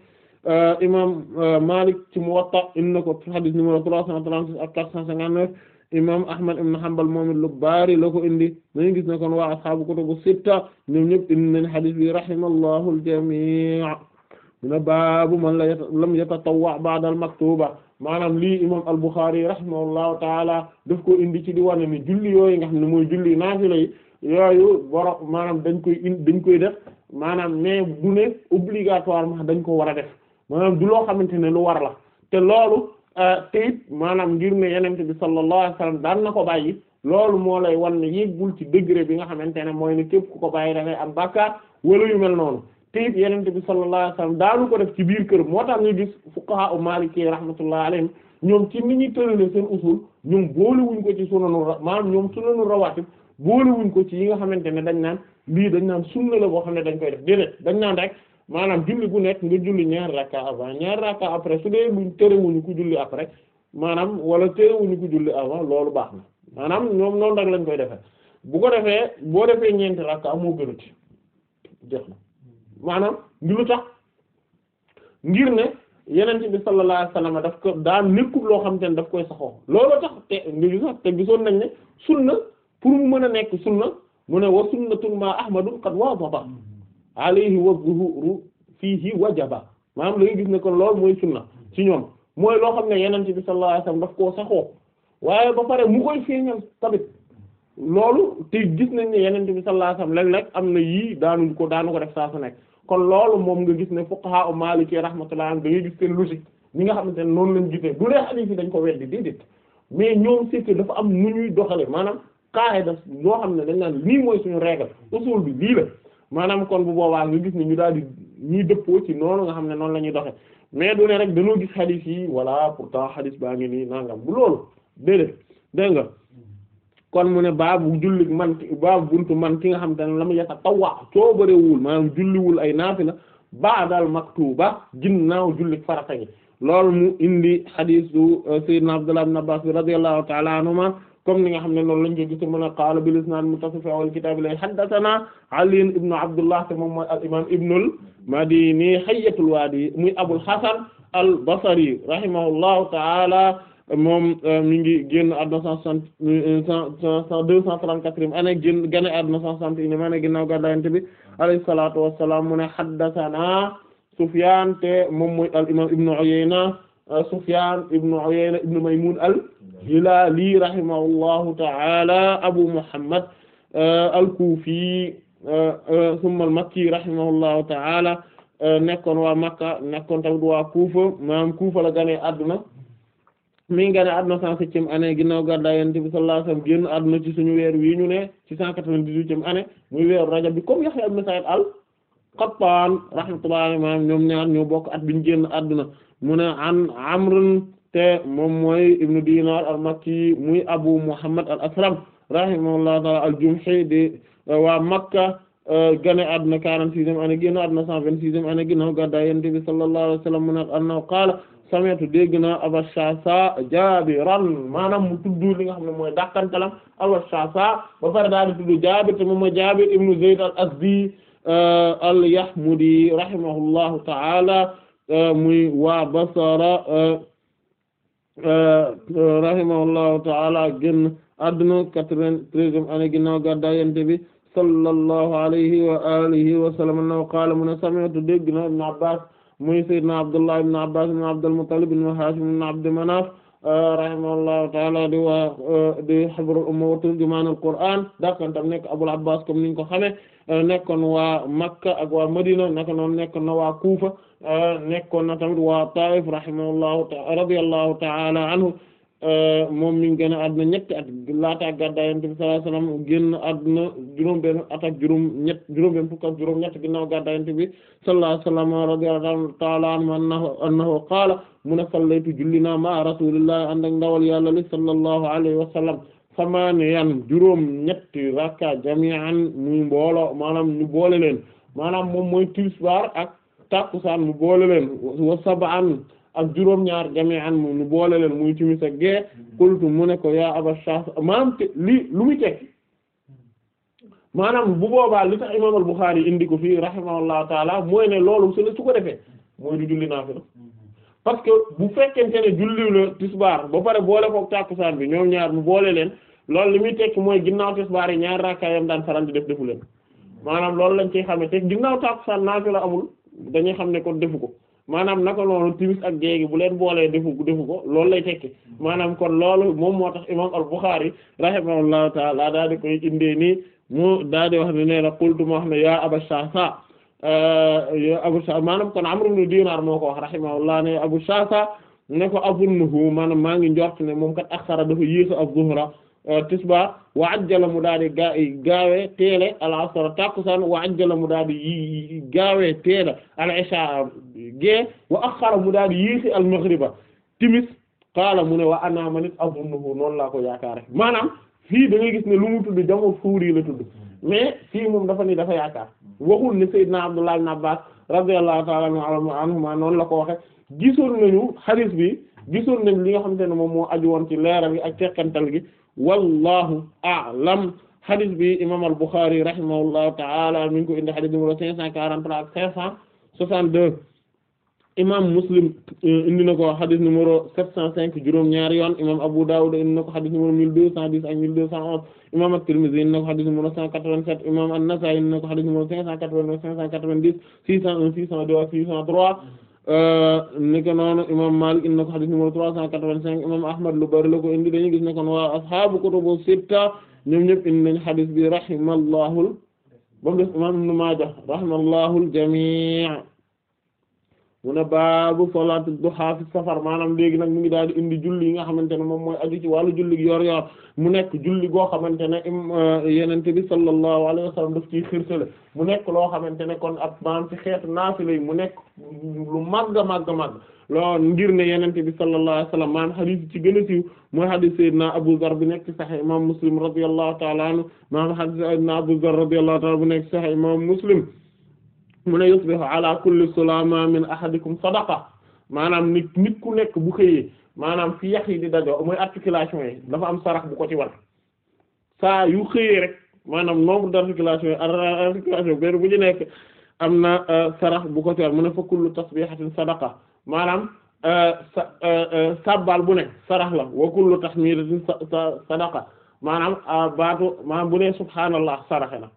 imam Ahmad ibn Hanbal moom it lu bari la ko indi nañu gis ne kon waa ashaabu kutubu sitta ñoom ñëpp indi nañ hadith bi rahimallahu al-jamii' mina baabu man lam yatatawwa' ba'da al-maktuba maanaam lii imam al-Bukhari rahimahullahu taala def ko indi ci di wane ni julli yooyu nga xam ne mooy julli naafila yi yooyu boro maanaam dañ koy indi dañ koy def maanaam mais du ne obligatoirement dañ ko war a def maanaam du loo xamante ne lu war la te loolu Euh, te it maanaam ngir ne yenente bi sallallahu alayhi wasallam daan na ko bàyyi loolu moo lay wan ne yéggul ci degré bi nga xamante ne mooy ne képp ku ko bàyyi da am bàkkaar wala yu mel noonu te it yenente bi sallallahu alayhi wasallam daanu ko def ci biir kër moo tax ñu gis fuqaha u maliki rahmatullah alayhim ñoom ci ni ñuy tërale seen usul ñoom boolewuñ ko ci sunanu maanaam ñoom sunanu rawaatib boolewuñ ko ci yi nga xamante ne dañ naan lii dañ naan sunna la boo xam ne dañ koy def déedéet dañ naan rek maanaam julli gu nekk nga julli ñaar rakka avant ñaar rakka après su dee luñ terewuñu ku julli après maanaam wala terewuñu ku julli avant loolu baax na maanaam ñoom noonu rek lañ koy defee bu ko defee boo defee ñeenti rakka amoo gënati jeex maanaam lu tax ngir ne yeneen ci bi sallallahu alayhi wasallam daf ko daan nekkul loo xam te ne daf koy saxoo loolu tax te nga gisoon nañ ne sunna pour mu mën a nekk sunna mu ne wa sunnatun ma ahmadun qad wadaba alayhi wa zuhuru fiihi wajaba maanaam la nga gis ne kon loolu mooy sunna ci ñoom mooy loo xam ne yenente bi sallallahu alayhi wasallam daf koo saxoo waaye ba pare mu koy feeñal tamit loolu te gis nañ ne yenente bi sallallahu alayhi wasallam léeg am na yii daanuñ ko daanu ko def saa nekk kon loolu moom nga gis ne fuqaha maliki rahmatullah da ngay gis seen logique ñi nga xamante ne noonu lañ gisee bu dee hadith yi dañ ko weddi déedéet mais ñoom c'est dafa am nu ñuy doxale maanaam qaida loo xam ne dañ naan lii mooy suñu règle usul bi lii la maanaam kon bu boobaal nga gis ne ñu daal di ñuy dëppoo ci noonu nga xam ne noonu lañuy ñuy doxe mais du ne rek dañoo gis xadis yi voilà pourtant xadis baa ngi nii nangam bu loolu déedéet dégg nga kon mu ne baabu julli man baabu buntu man ki nga xam te ne la mu yeta tawwa coobarewul maanaam julliwul ay la naafila daal maktuba ginnaaw julli farata gi loolu mu indi xadisu euh, sayyidina Abdullah ibn Abbas radiyallahu ta'ala ma comme ni nga xam ne noonu lañ ko gis mu ne qaala bil isnaad muttasil fi awwal kitaab ilay haddathana Ali ibn Abdullah te moom mooy al Ibnul Madini hayyatul waadi muy Abul Hasan al Basri rahimahullahu ta'ala moom euh, mi ngi génn àdduna cent soixante deux cent trente-quatrième année génn gane àdduna cent soixante-unième année ginnaaw bi alayhi salaatu wassalaam mu ne haddathana te moom mooy al Ibn Uyayna euh, Sufyaan ibn Uyayna ibn Maymuun al Hilaali rahimahullahu ta'ala Abu Muhammad euh, al-Kufi euh, euh, thumma al-Makki rahimahullahu ta'ala nekkoon waa Makka nekkoon tamit waa Kufa maanaam Kufa gane àdduna mi ngi gane àdduna cent septième année ginnaaw gàddaay Yonent bi sallallahu alayhi génn àdduna ci suñu weer wi ñu ne ci cent quatre-vingt-dix-huitième année muy weeru Rajab bi comme Yahya ibn Sa'id al Qattan rahmatullahi alayhi maanaam ñoom ñaar ñoo bokk at biñ génn àdduna mu ne an te moom mooy ibnu dinar al-makki muy abu muhammad al-asram rahimahullahu taala al-jumhi di euh, waa makka euh, gane àdduna quarante-sixième année génn àdduna cent vingt-sixième année ginnaaw gàddaay Yonent bi sallallahu alayhi wa sallam mu ne annahu qaala sami'tu dégg naa Aba Shasa Jaabiran maanaam mu tudd li nga xam ne mooy dàqantalam Aba Shasa ba pare daal di tudd Jaabir te moom mooy Jaabir ibnu Zayd al-Azdi euh, al-Yahmudi rahimahullahu taala muy waa Basra Euh, rahimahullahu ta'ala génn àdduna quatre-vingt-treizième année ginnaaw gàddaay Yonent bi sallallahu alayhi wa alihi wa sallam annahu qaala mu ne sami'tu dégg na Ibn Abbas muy sayyidna Abdullah ibn Abbas ibn Abdul Muttalib ibn Hashim ibn Abd Manaf rahimahullahu taala di waa eh, di hibrul umma wa turjumaanul qur'aan dakantam nekk abul abbas comme niñ ko xame eh, nekkoon waa makka ak waa madina naka noon nekkoon na waa kuufa eh, nekkoon na tamit waa taif rahimahullahu radiyallahu taala anhu Euh, moom mi ngi génn àdduna ñetti at laata gàddaay Yonent bi sallallahu alayhi wasallam génn juróom-benn at juróom-ñett juróom-benn fukk ak juróom-ñett ginnaaw gàddaay Yonent bi sallallahu alayhi wasallam radiyallahu ta'ala anhu annahu qaala mun a sallaytu julli naa a rasuulillahi ànd ak ndawal yàlla li sallallahu alayhi wasallam samaaniyan juróom-ñetti rakka jami'an muy mbooloo maanaam nu boole leen maanaam moom mooy tisbaar ak takkusaan mu boole leen wa sab'an ak juróom-ñaar jami'an mu boole leen muy timis ak gee kultu mu ne ko yaa aba Shaafi maanaam te lii lu muy tekki maanaam bu boobaa li tax imaam al-Bukhari indi ko fii rahimahullahu taala mooy ne loolu su su ko defee mooy du julli naafila parce que bu fekkee fekkente ne julli la tisbaar ba pare boole ko tàkkusaan bi ñoom ñaar mu boole leen lool li muy tekki mooy ginnaaw tisbaar yi ñaar raakaayam daan faral di def defu leen maanaam loolu lañ ciy xamee te ginnaaw tàkkusaan la amul dañuy xam ne kon defu ko maanaam naka noonu timis ak géegi bu leen boolee defu defu ko loolu lay tekki maanaam kon loolu moom moo tax imam al-Bukhari rahimahullahu taala daa di koy indee nii mu daa di wax ne nee na qultu ma wax ne yaa Aba Shasa yaa Abu Shasa maanaam kon Amr ibn Dinar moo ko wax rahimahullah ne Abu Shasa ne ko abunnahu maanaam maa ngi njort ne moom kat akhara dafa yéesa ab zuhra Euh, tisbaar wa ajjala mu daal di gaa gaawee teele al asr takkusaan wa ajjala mu daal di gaawee teele al isha gee wa akhara mu daal di yéexi al maghriba timis qaala mu ne wa ana man azunnuhu noonu laa ko yaakaare maanaam fii da ngay gis ne lu mu tudd jamono fuuri la tudd mais fii moom dafa nii dafa yaakaar waxul ne Seydina Abdullah ibn Abbas radiyallahu ta'ala anhuma noonu la ko waxe gisoon nañu hadith bi gisoon nañ li nga xamante ne moom moo aju woon ci leeral gi ak tekkantal gi wallahu a'lam hadis bi imam al-Bukhari rahimahullahu ta'ala mi ngi ko indi hadis numéro 543 ak 562 imam Muslim euh, indi na ko hadis numéro 705 juróom ñaari yoon imam Abu Dawud indi na ko hadis numéro 1210 ak 1211 imam At-Tirmidhi indi na ko hadis numéro 187 imam An-Nasa'i indi na ko hadis numéro 589 590 601 602 603 Euh, niki noonu imam Malik indi na ko xadis numéro trois cent quatre-vingt-cinq imam Ahmad lu bari la ko indi dañu gis ne kon waa ashaabu kutubu sitta ñoom ñëpp indi nañ xadis bi rahimallahu ba mu des imam Ibn Maaja rahimallahu al-jamii' mu ne baabu salaatu duha fi safar maanaam léegi nag mu ngi daal di indi julli yi nga xamante ne moom mooy aju ci wàllu julli gi yor-yor mu nekk julli goo xamante ne euh, yenente bi sallallahu alayhi wa sallam daf ciy xirtale mu nekk loo xamante ne kon ab maanaam ci xeetu naafila yi mu nekk lu màgg a màgg a màgg lool ngir ne yenente bi sallallahu alayhi wa sallam maanaam xadiis ci gën a siiw mooy xadiis sayyidina Abu Zar bi nekk ci Sahih imam Muslim radiyallahu ta'ala anhu maanaam xadiis sayyidina Abu Zar radiyallahu ta'ala bu nekk ci Sahih imam Muslim mu ne yusbihu ala kulli sulama min ahadikum sadaqa maanaam nit nit ku nekk bu xëyee maanaam fi yax yi di dajoo mooy articulation yi dafa am sarax bu ko ci war saa yu xëyee rek maanaam nombre d'articulation yi articulation benn bu ci nekk am na euh, sarax bu ko ci war mu ne fa kullu tasbihatin sadaqa maanaam euh, sa euh, bu nekk sarax la wa kullu tahmidatin sadaqa maanaam baatu maanaam bu ne subhaanallah saraxe la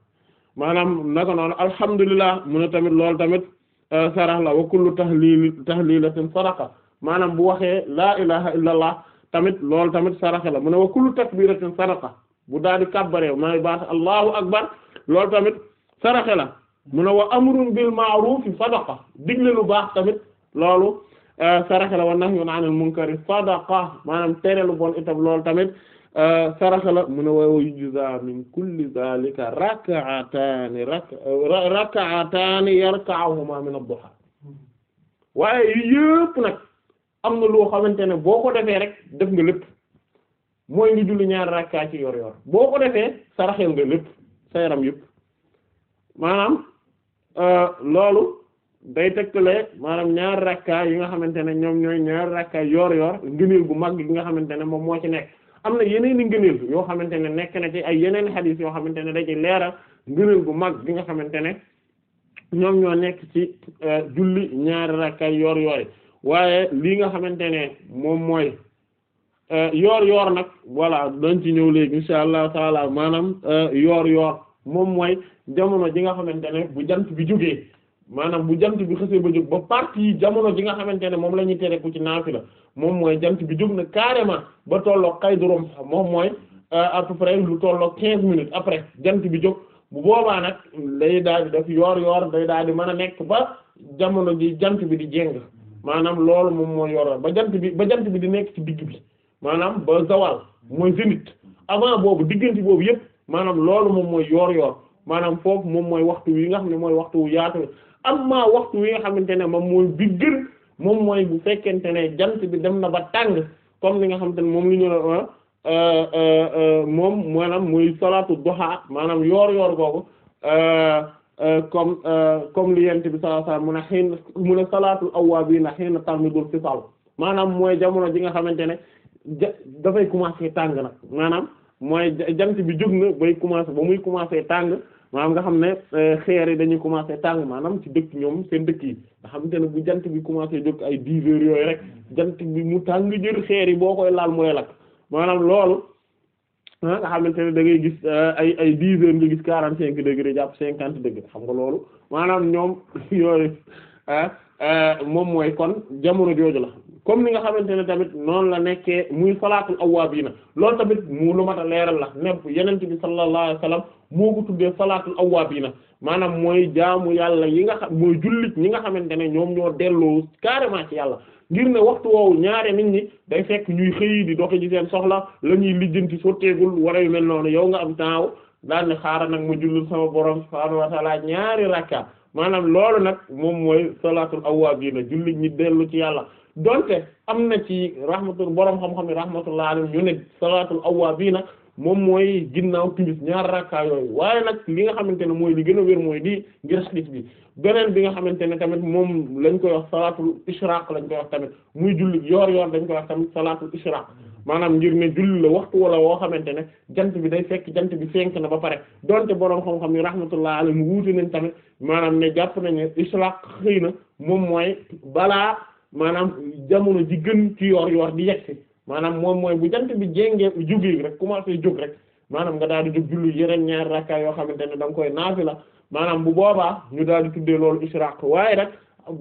maanaam naka noonu alhamdulilah mu ne tamit loolu tamit euh, sarax la wa kullu tahlil tahlilatin sadaqa maanaam bu waxee laa ilaha illallah tamit loolu tamit sarax la mu ne wa kullu takbiratin sadaqa bu daal di kàbbaree maa ngi baax allahu akbar loolu tamit sarax la mu ne wa amrun bil sadaqa digle lu baax tamit loolu euh, sarax la wa nahyun anil munkari sadaqa maanaam tere lu bon itam loolu tamit. saraxa la mu ne wa yujza min kulli zalika rak'atani rak'atani yarka'uhuma min ad am na loo xamante ne boo ko defee rek def nga lépp mooy julli ñaar rakka ci yor yor boo ko defee saraxel nga lépp sa yaram yëpp maanaam euh, loolu day tegtale maanaam ñaar rakka yi nga xamante ne ñoom ñooy ñaar rakka yor yor ngëneel gu mag gi nga xamante ne moom moo ci nekk am na yeneen i yoo xamante ne nekk na ci ay yeneen xadis yoo xamante ne dañuy leeral ngëneel gu mag bi nga xamante ne ñoom ñoo nekk ci euh, julli ñaari rakkay yoor yooy waaye lii nga xamante ne moom mooy euh, yoor yoor nag voilà dañ ci ñëw léegi insha allah taala maanaam euh, yoor yoor moom mooy jamono ji nga xamante ne bu jant bi jógee maanaam bu jant bi xësee ba jóg ba partie jamono ji nga xamante ne moom la ñuy tere ku ci la moom mooy jant bi jub na carrément ba tolloog xaydu rom sax moom mooy euh, à peu près lu tolloog quinze minutes après jant bi jóg bu boobaa nag day daal di def yoor yoor day daal di man a nekk ba jamono ji jant bi di jéng maanaam loolu moom mooy yoor ba jant bi ba jant bi di nekk ci digg bi maanaam ba zawal mooy zénith avant boobu diggante boobu yëpp maanaam loolu moom mooy yoor yoor maanaam foofu moom mooy waxtu yi nga xam ne mooy waxtu wu yaatu amma waxtu wi nga xamante ne moom mooy bi gën moom mooy bu fekkente ne jant bi dem na ba tàng comme li nga xamante ne moom li ñu euh, euh, euh, moom maanaam muy salaatu duha maanaam yoor yoor googu comme comme li yent bi sallallahu alayhi wasallam mun a xiin mun a salaatul awwaabiina xiina tarmidul fisaal maanaam mooy jamono ji nga xamante ne dafay commencer tàng nag maanaam mooy jant bi jóg na bay commencer ba muy commencer tàng maanaam nga xam ne euh, xeer yi dañuy commencé tàng maanaam ci dëkk ñoom seen dëkk yi nga xamante ne bu jant bi commencé jóg ay dix yooyu rek jant bi mu tàng jër xeer yi boo koy laal mooy lakk maanaam loolu ah, nga xamante ne da ngay gis euh, ay ay dix heures nga gis quarante cinq degré jàpp cinquante degré xam nga loolu maanaam ñoom yooyu ah, euh, moom mooy kon jamono jooju la comme ni nga xamante ne tamit noonu la nekkee muy salaatul awwaabiina loolu tamit mu lu mat a leeral la nepp yenent bi sallallahu alayhi wasallam moo ko tuddee salaatul awwaabiina maanaam mooy jaamu yàlla yi nga xam mooy jullit ñi nga xamante ne ñoom ñoo delloo carrément ci yàlla ngir ne waxtu woowu ñaare nit ñi day fekk ñuy di doxi ci seen soxla la ñuy lijjanti sotteegul wara yu mel noonu yow nga am temps daal ne nag ma jullul borom subhaanahu ñaari rakka maanaam loolu nag moom mooy salaatul awwaabiina jullit ñi dellu ci yàlla donte am na ci rahmatul borom xam-xam yi rahmatullah alayhi ñu ne salaatul awwaabiina moom mooy ginnaaw timis ñaar rakka yooyu waaye nag li nga xamante ne mooy li gën a wér mooy di ngir bi beneen bi nga xamante ne tamit moom lañ koy wax salaatul ishraq lañ koy wax tamit muy julli yoor yoor dañ koy wax tamit salaatul ishraq maanaam ngir ne julli la waxtu wala woo xamante ne jant bi day fekk jant bi fenk na ba pare donte boroom xam-xam yi rahmatullah alayhi mu wuute nañ tamit maanaam ne jàpp nañ ne ishraq xëy na moom mooy balaa maanaam jamono ji gën ci yor yor di yegg si maanaam moom mooy bu jant bi jéngee jógee rek commencé jóg rek maanaam nga daal di jóg julli yeneen ñaar rakka yoo xamante ne koy nga koy naafila maanaam bu boobaa ñu daal di tuddee loolu ishraq waaye nag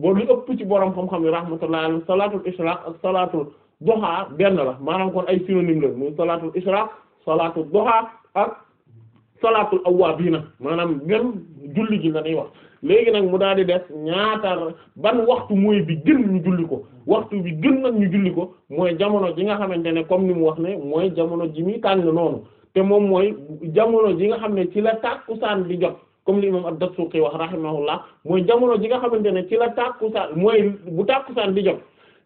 boo lu ëpp ci borom xam-xam yi rahmatullah alayhi salaatul ishraq ak salaatul duha benn la maanaam kon ay synonyme la muy salaatul ishraq salaatul duha ak salaatul awwaabiina maanaam même julli gi la ñuy léegi nag mu daal di def ñaata ban waxtu mooy bi gën ñu julli ko waxtu bi gën nag ñu julli ko mooy jamono ji nga xamante ne comme ni mu wax ne mooy jamono ji muy tàng noonu te moom mooy jamono ji nga xam ne ci la tàkkusaan di jot comme li imam ad-Dasuqi wax rahimahullah mooy jamono ji nga xamante ne ci la tàkkusaan mooy bu tàkkusaan di jot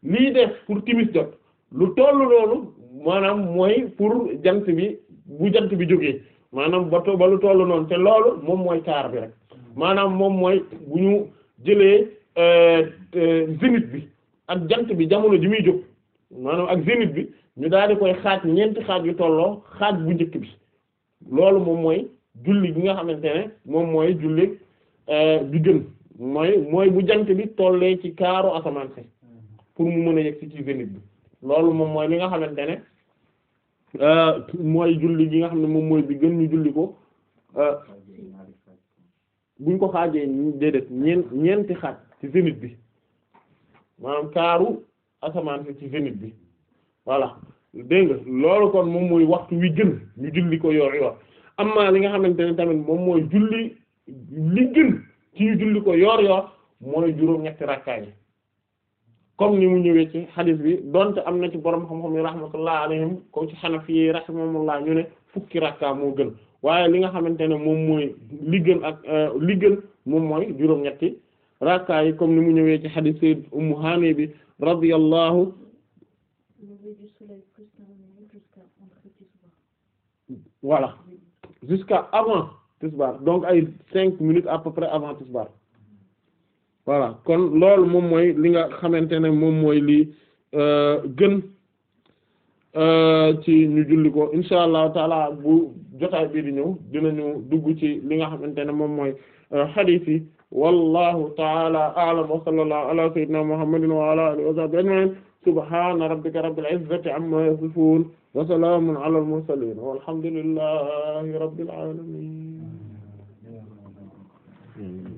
lii def pour timis jot lu toll loolu maanaam mooy pour jant bi bu jant bi jógee maanaam ba to ba lu toll noonu te loolu moom mooy kaar bi rek maanaam moom mooy bu ñu jëlee euh, euh, zénith bi ak jant bi jamono ji muy jóg maanaam ak zénith bi ñu daal di koy xaaj ñeenti xaaj yu tolloo xaaj bu njëkk bi loolu moom mooy julli bi nga xamante ne moom mooy julli euh, bi gën mooy mooy bu jant bi tollee ci kaaru asamaan pour mu mën a yegg ci zénith bi loolu moom mooy li nga xamante ne mooy julli gi nga xam ne moom mooy bi gën ñu julli ko buñ ko xaajee déedéet ñeent ñeenti xaaj ci zénith bi maanaam kaaru asamaan fi ci zénith bi voilà dégg nga loolu kon moom mooy waxtu wi gën ñu julli ko yor yor amma li nga xamante ne tamit moom mooy julli li gën ci ñu julli ko yor yor mooy juróom-ñetti rakkaa yi comme ni mu ñëwee ci xadis bi donte am na ci borom xam-xam yi rahmatullah alayhim ko ci xanafi yi rahimahumullah ñu ne fukki rakkaa moo gën waaye li nga xamante ne moom mooy li gën ak euh, li gën moom mooy juróom-ñetti rakkaa yi comme ni mu ñëwee ci hadith sayyid ummu hani bi radiyallahu voilà jusqu'à avant tisbar donc ay cinq minutes à peu près avant tisbar voilà kon loolu moom mooy li nga xamante ne moom mooy li euh, gën Euh, ci ñu julli ko insha taala bu jotaay bii di ñëw dinañu dugg ci li nga xamante ne moom mooy hadith euh, yi wallahu taala a'lam wa sallallahu ala sayyidina muhammadin wa ala alihi wa sahbihi ajma'in subhana rabbika amma yasifun wa salamun ala al mursalin walhamdulillahi rabbil